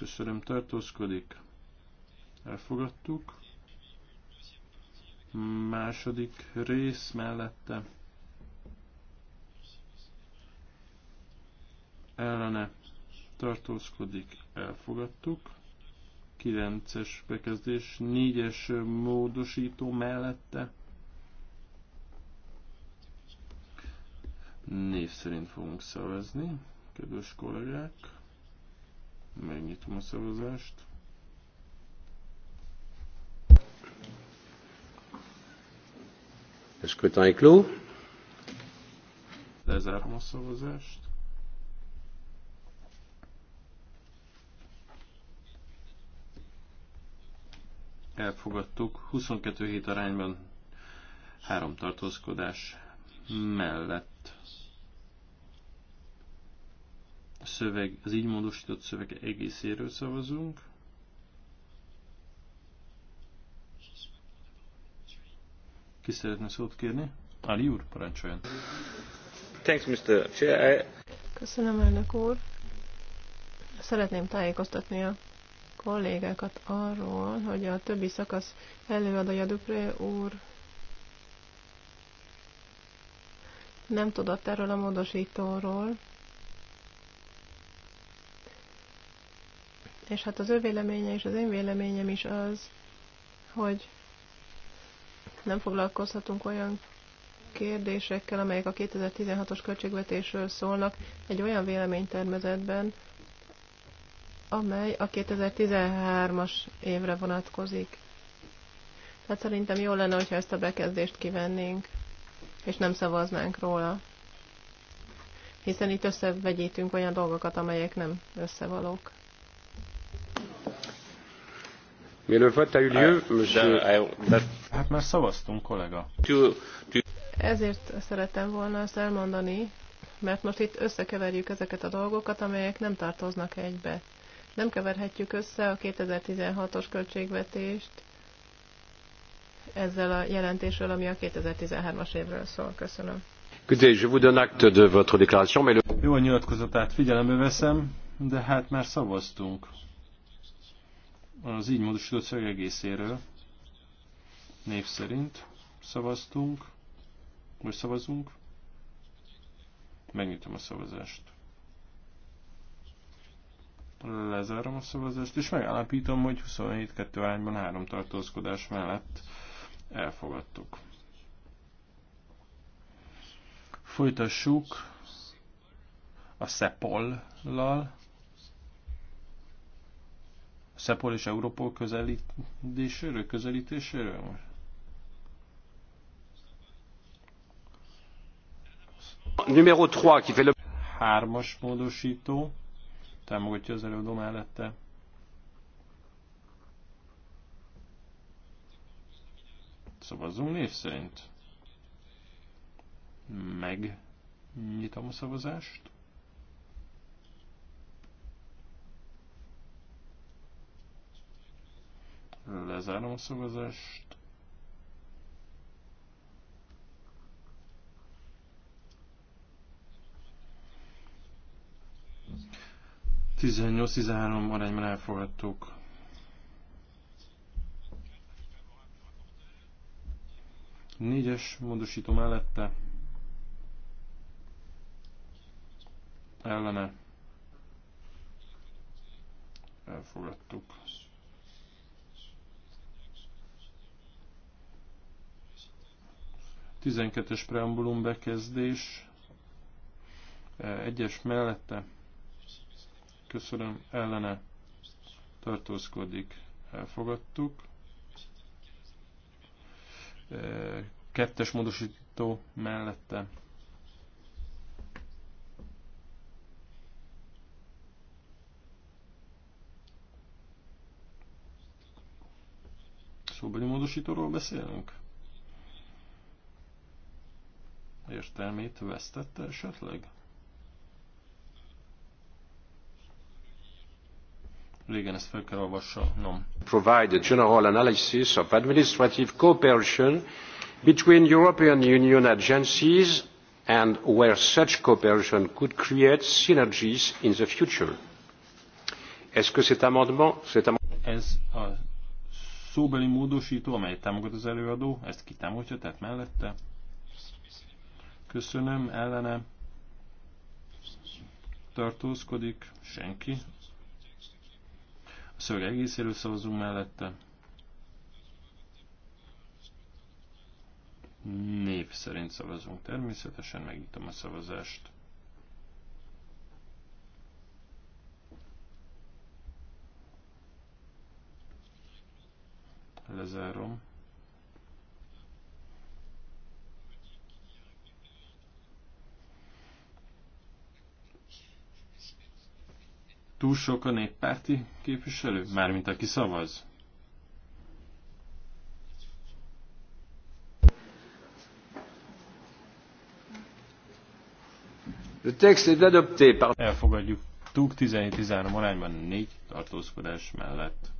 Köszönöm, tartózkodik. Elfogadtuk. Második rész mellette. Ellene tartózkodik. Elfogadtuk. 9-es bekezdés, 4-es módosító mellette. Név szerint fogunk szavazni, kedves kollégák. Megnyitom a szavazást. Le scrutin Lezárom a szavazást. Elfogadtuk 22 hét arányban három tartózkodás mellett a szöveg, az így módosított szöveg egészéről szavazunk. Ki szeretne szót kérni? Ali úr, parancsoljon. Thanks, Mr. Chair. Köszönöm, elnök úr. Szeretném tájékoztatni a kollégákat arról, hogy a többi szakasz előadója Dupré úr nem tudott erről a módosítóról, és hát az ő véleménye és az én véleményem is az, hogy nem foglalkozhatunk olyan kérdésekkel, amelyek a 2016-os költségvetésről szólnak egy olyan véleménytermezetben, amely a 2013-as évre vonatkozik. Tehát szerintem jó lenne, hogyha ezt a bekezdést kivennénk, és nem szavaznánk róla. Hiszen itt összevegyítünk olyan dolgokat, amelyek nem összevalók. vote a eu lieu, ah, eh, Hát már szavaztunk, kollega. Ezért szerettem volna ezt elmondani, mert most itt összekeverjük ezeket a dolgokat, amelyek nem tartoznak egybe. Nem keverhetjük össze a 2016-os költségvetést ezzel a jelentésről, ami a 2013-as évről szól. Köszönöm. Jó a nyilatkozatát figyelembe veszem, de hát már szavaztunk az így módosított szöveg egészéről név szerint szavaztunk, vagy szavazunk. Megnyitom a szavazást. Lezárom a szavazást, és megállapítom, hogy 27-2 arányban három tartózkodás mellett elfogadtuk. Folytassuk a sepol lal Szepol és Európol közelítéséről, közelítéséről most? Numéro 3, ki le... Hármas módosító, támogatja az előadó mellette. Szavazzunk név szerint. Megnyitom a szavazást. Lezárom a szavazást. Tizennyolc, tizenhárom arányban elfogadtuk. Négyes módosító mellette. Ellene. Elfogadtuk. 12-es preambulum bekezdés, e, egyes mellette, köszönöm, ellene tartózkodik, elfogadtuk. E, kettes módosító mellette. Szóbeli módosítóról beszélünk? értelmét vesztette esetleg? Régen ezt fel kell olvasnom. Provide a general analysis of administrative cooperation between European Union agencies and where such cooperation could create synergies in the future. Est-ce que cet amendement, cet amendement... Ez a szóbeli módosító, amely támogat az előadó, ezt kitámogatja, tehát mellette Köszönöm, ellene tartózkodik, senki. A szöveg egészéről szavazunk mellette. Név szerint szavazunk természetesen, megnyitom a szavazást. Lezárom. Túl sok a néppárti képviselő? Mármint aki szavaz? Le texte est adopté par... Elfogadjuk. Túk 17-13 arányban 4 tartózkodás mellett.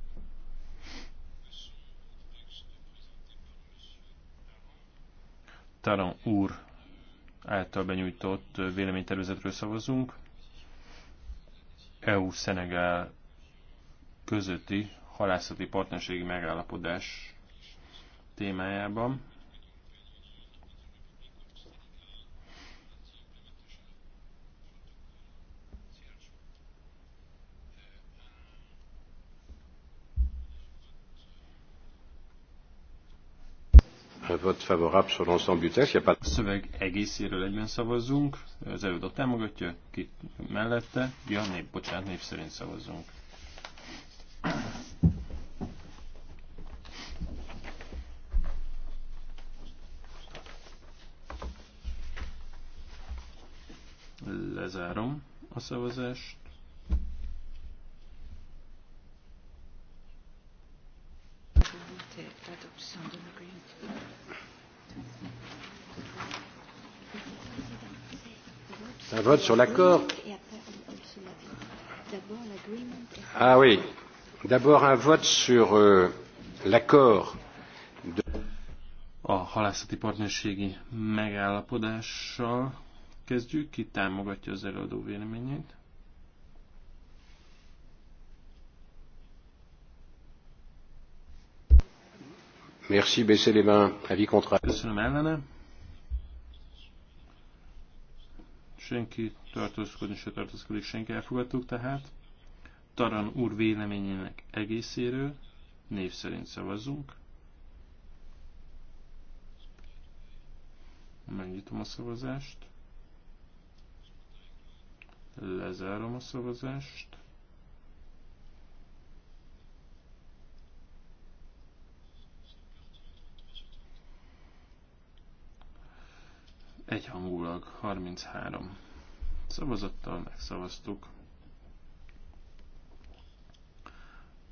Taran úr által benyújtott véleménytervezetről szavazunk. EU-Szenegál közötti halászati partnerségi megállapodás témájában. vote favorable sur l'ensemble du texte. A szöveg egészéről egyben szavazzunk, az előadó támogatja, ki mellette, ja, nép, bocsánat, név szerint szavazzunk. Lezárom a szavazást. Un vote sur l'accord Ah oui. D'abord un vote sur euh, l'accord. De... A halászati partnerségi megállapodással kezdjük, ki támogatja az előadó véleményét. Merci, baissez les mains. Avis contraire. Köszönöm ellene. Senki tartózkodni se tartózkodik, senki elfogadtuk tehát. Taran úr véleményének egészéről név szerint szavazzunk. Megnyitom a szavazást. Lezárom a szavazást. Egyhangulag 33 szavazattal megszavaztuk.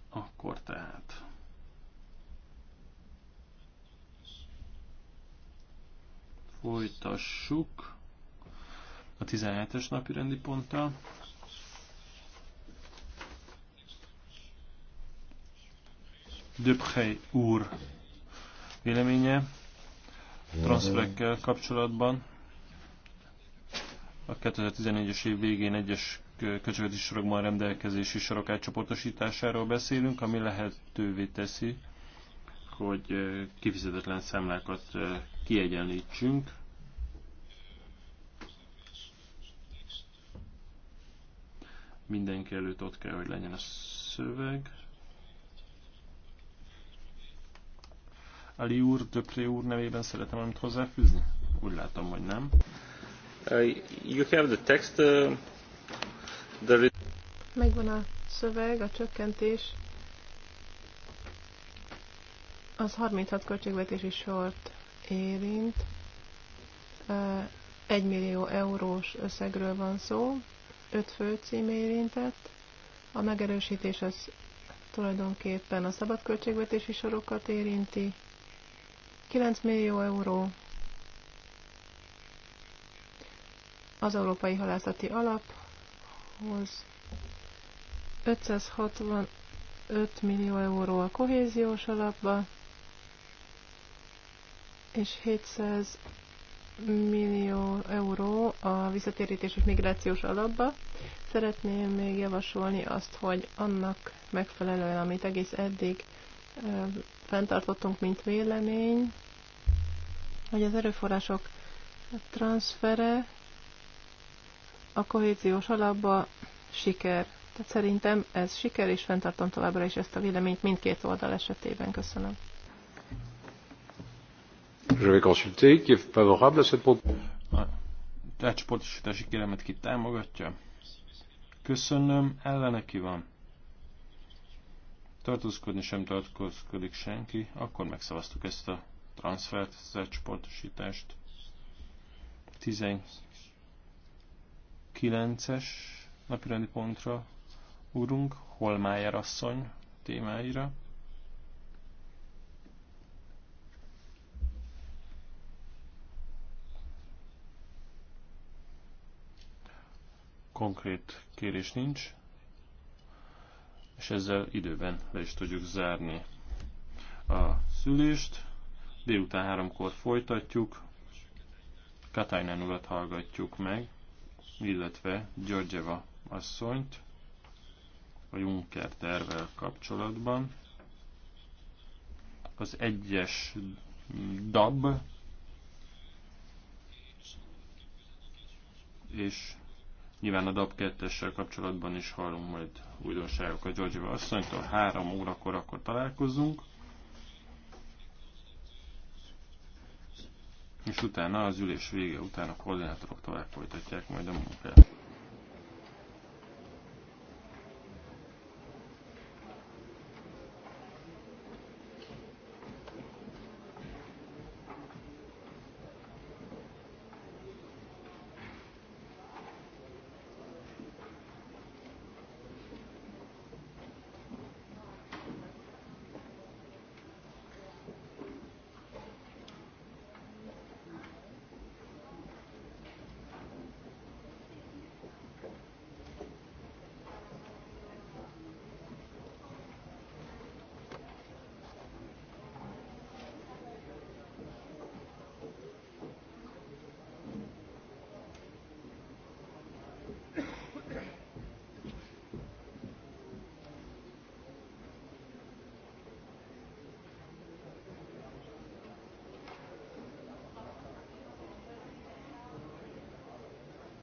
Akkor tehát. Folytassuk a 17-es napi rendi ponttal. Döbhely úr véleménye transferekkel kapcsolatban. A 2014-es év végén egyes költségvetési sorokban rendelkezési sorok átcsoportosításáról beszélünk, ami lehetővé teszi, hogy kifizetetlen számlákat kiegyenlítsünk. Mindenki előtt ott kell, hogy legyen a szöveg. Ali úr, Döpré úr nevében szeretem valamit hozzáfűzni? Úgy látom, hogy nem. Uh, uh, Megvan a szöveg, a csökkentés. Az 36 költségvetési sort érint. 1 uh, millió eurós összegről van szó, 5 cím érintett. A megerősítés az tulajdonképpen a szabad költségvetési sorokat érinti. 9 millió euró az Európai Halászati Alaphoz 565 millió euró a kohéziós alapba, és 700 millió euró a visszatérítés és migrációs alapba. Szeretném még javasolni azt, hogy annak megfelelően, amit egész eddig fenntartottunk, mint vélemény, hogy az erőforrások transfere a kohéziós alapba siker. Tehát szerintem ez siker, és fenntartom továbbra is ezt a véleményt mindkét oldal esetében. Köszönöm. Je vais consulter qui est favorable à cette proposition. ki támogatja? Köszönöm, ellene ki van. Tartózkodni sem tartózkodik senki, akkor megszavaztuk ezt a transfert, sportosítást. 19 9-es napirendi pontra úrunk, Holmájer asszony témáira. Konkrét kérés nincs, és ezzel időben le is tudjuk zárni a szülést. Délután háromkor folytatjuk, Katainen urat hallgatjuk meg illetve Györgyeva asszonyt a Juncker tervel kapcsolatban. Az egyes DAB és nyilván a DAB 2 kapcsolatban is hallunk majd újdonságokat Györgyeva asszonytól. Három órakor akkor találkozunk. és utána az ülés vége után a koordinátorok tovább folytatják majd a munkát.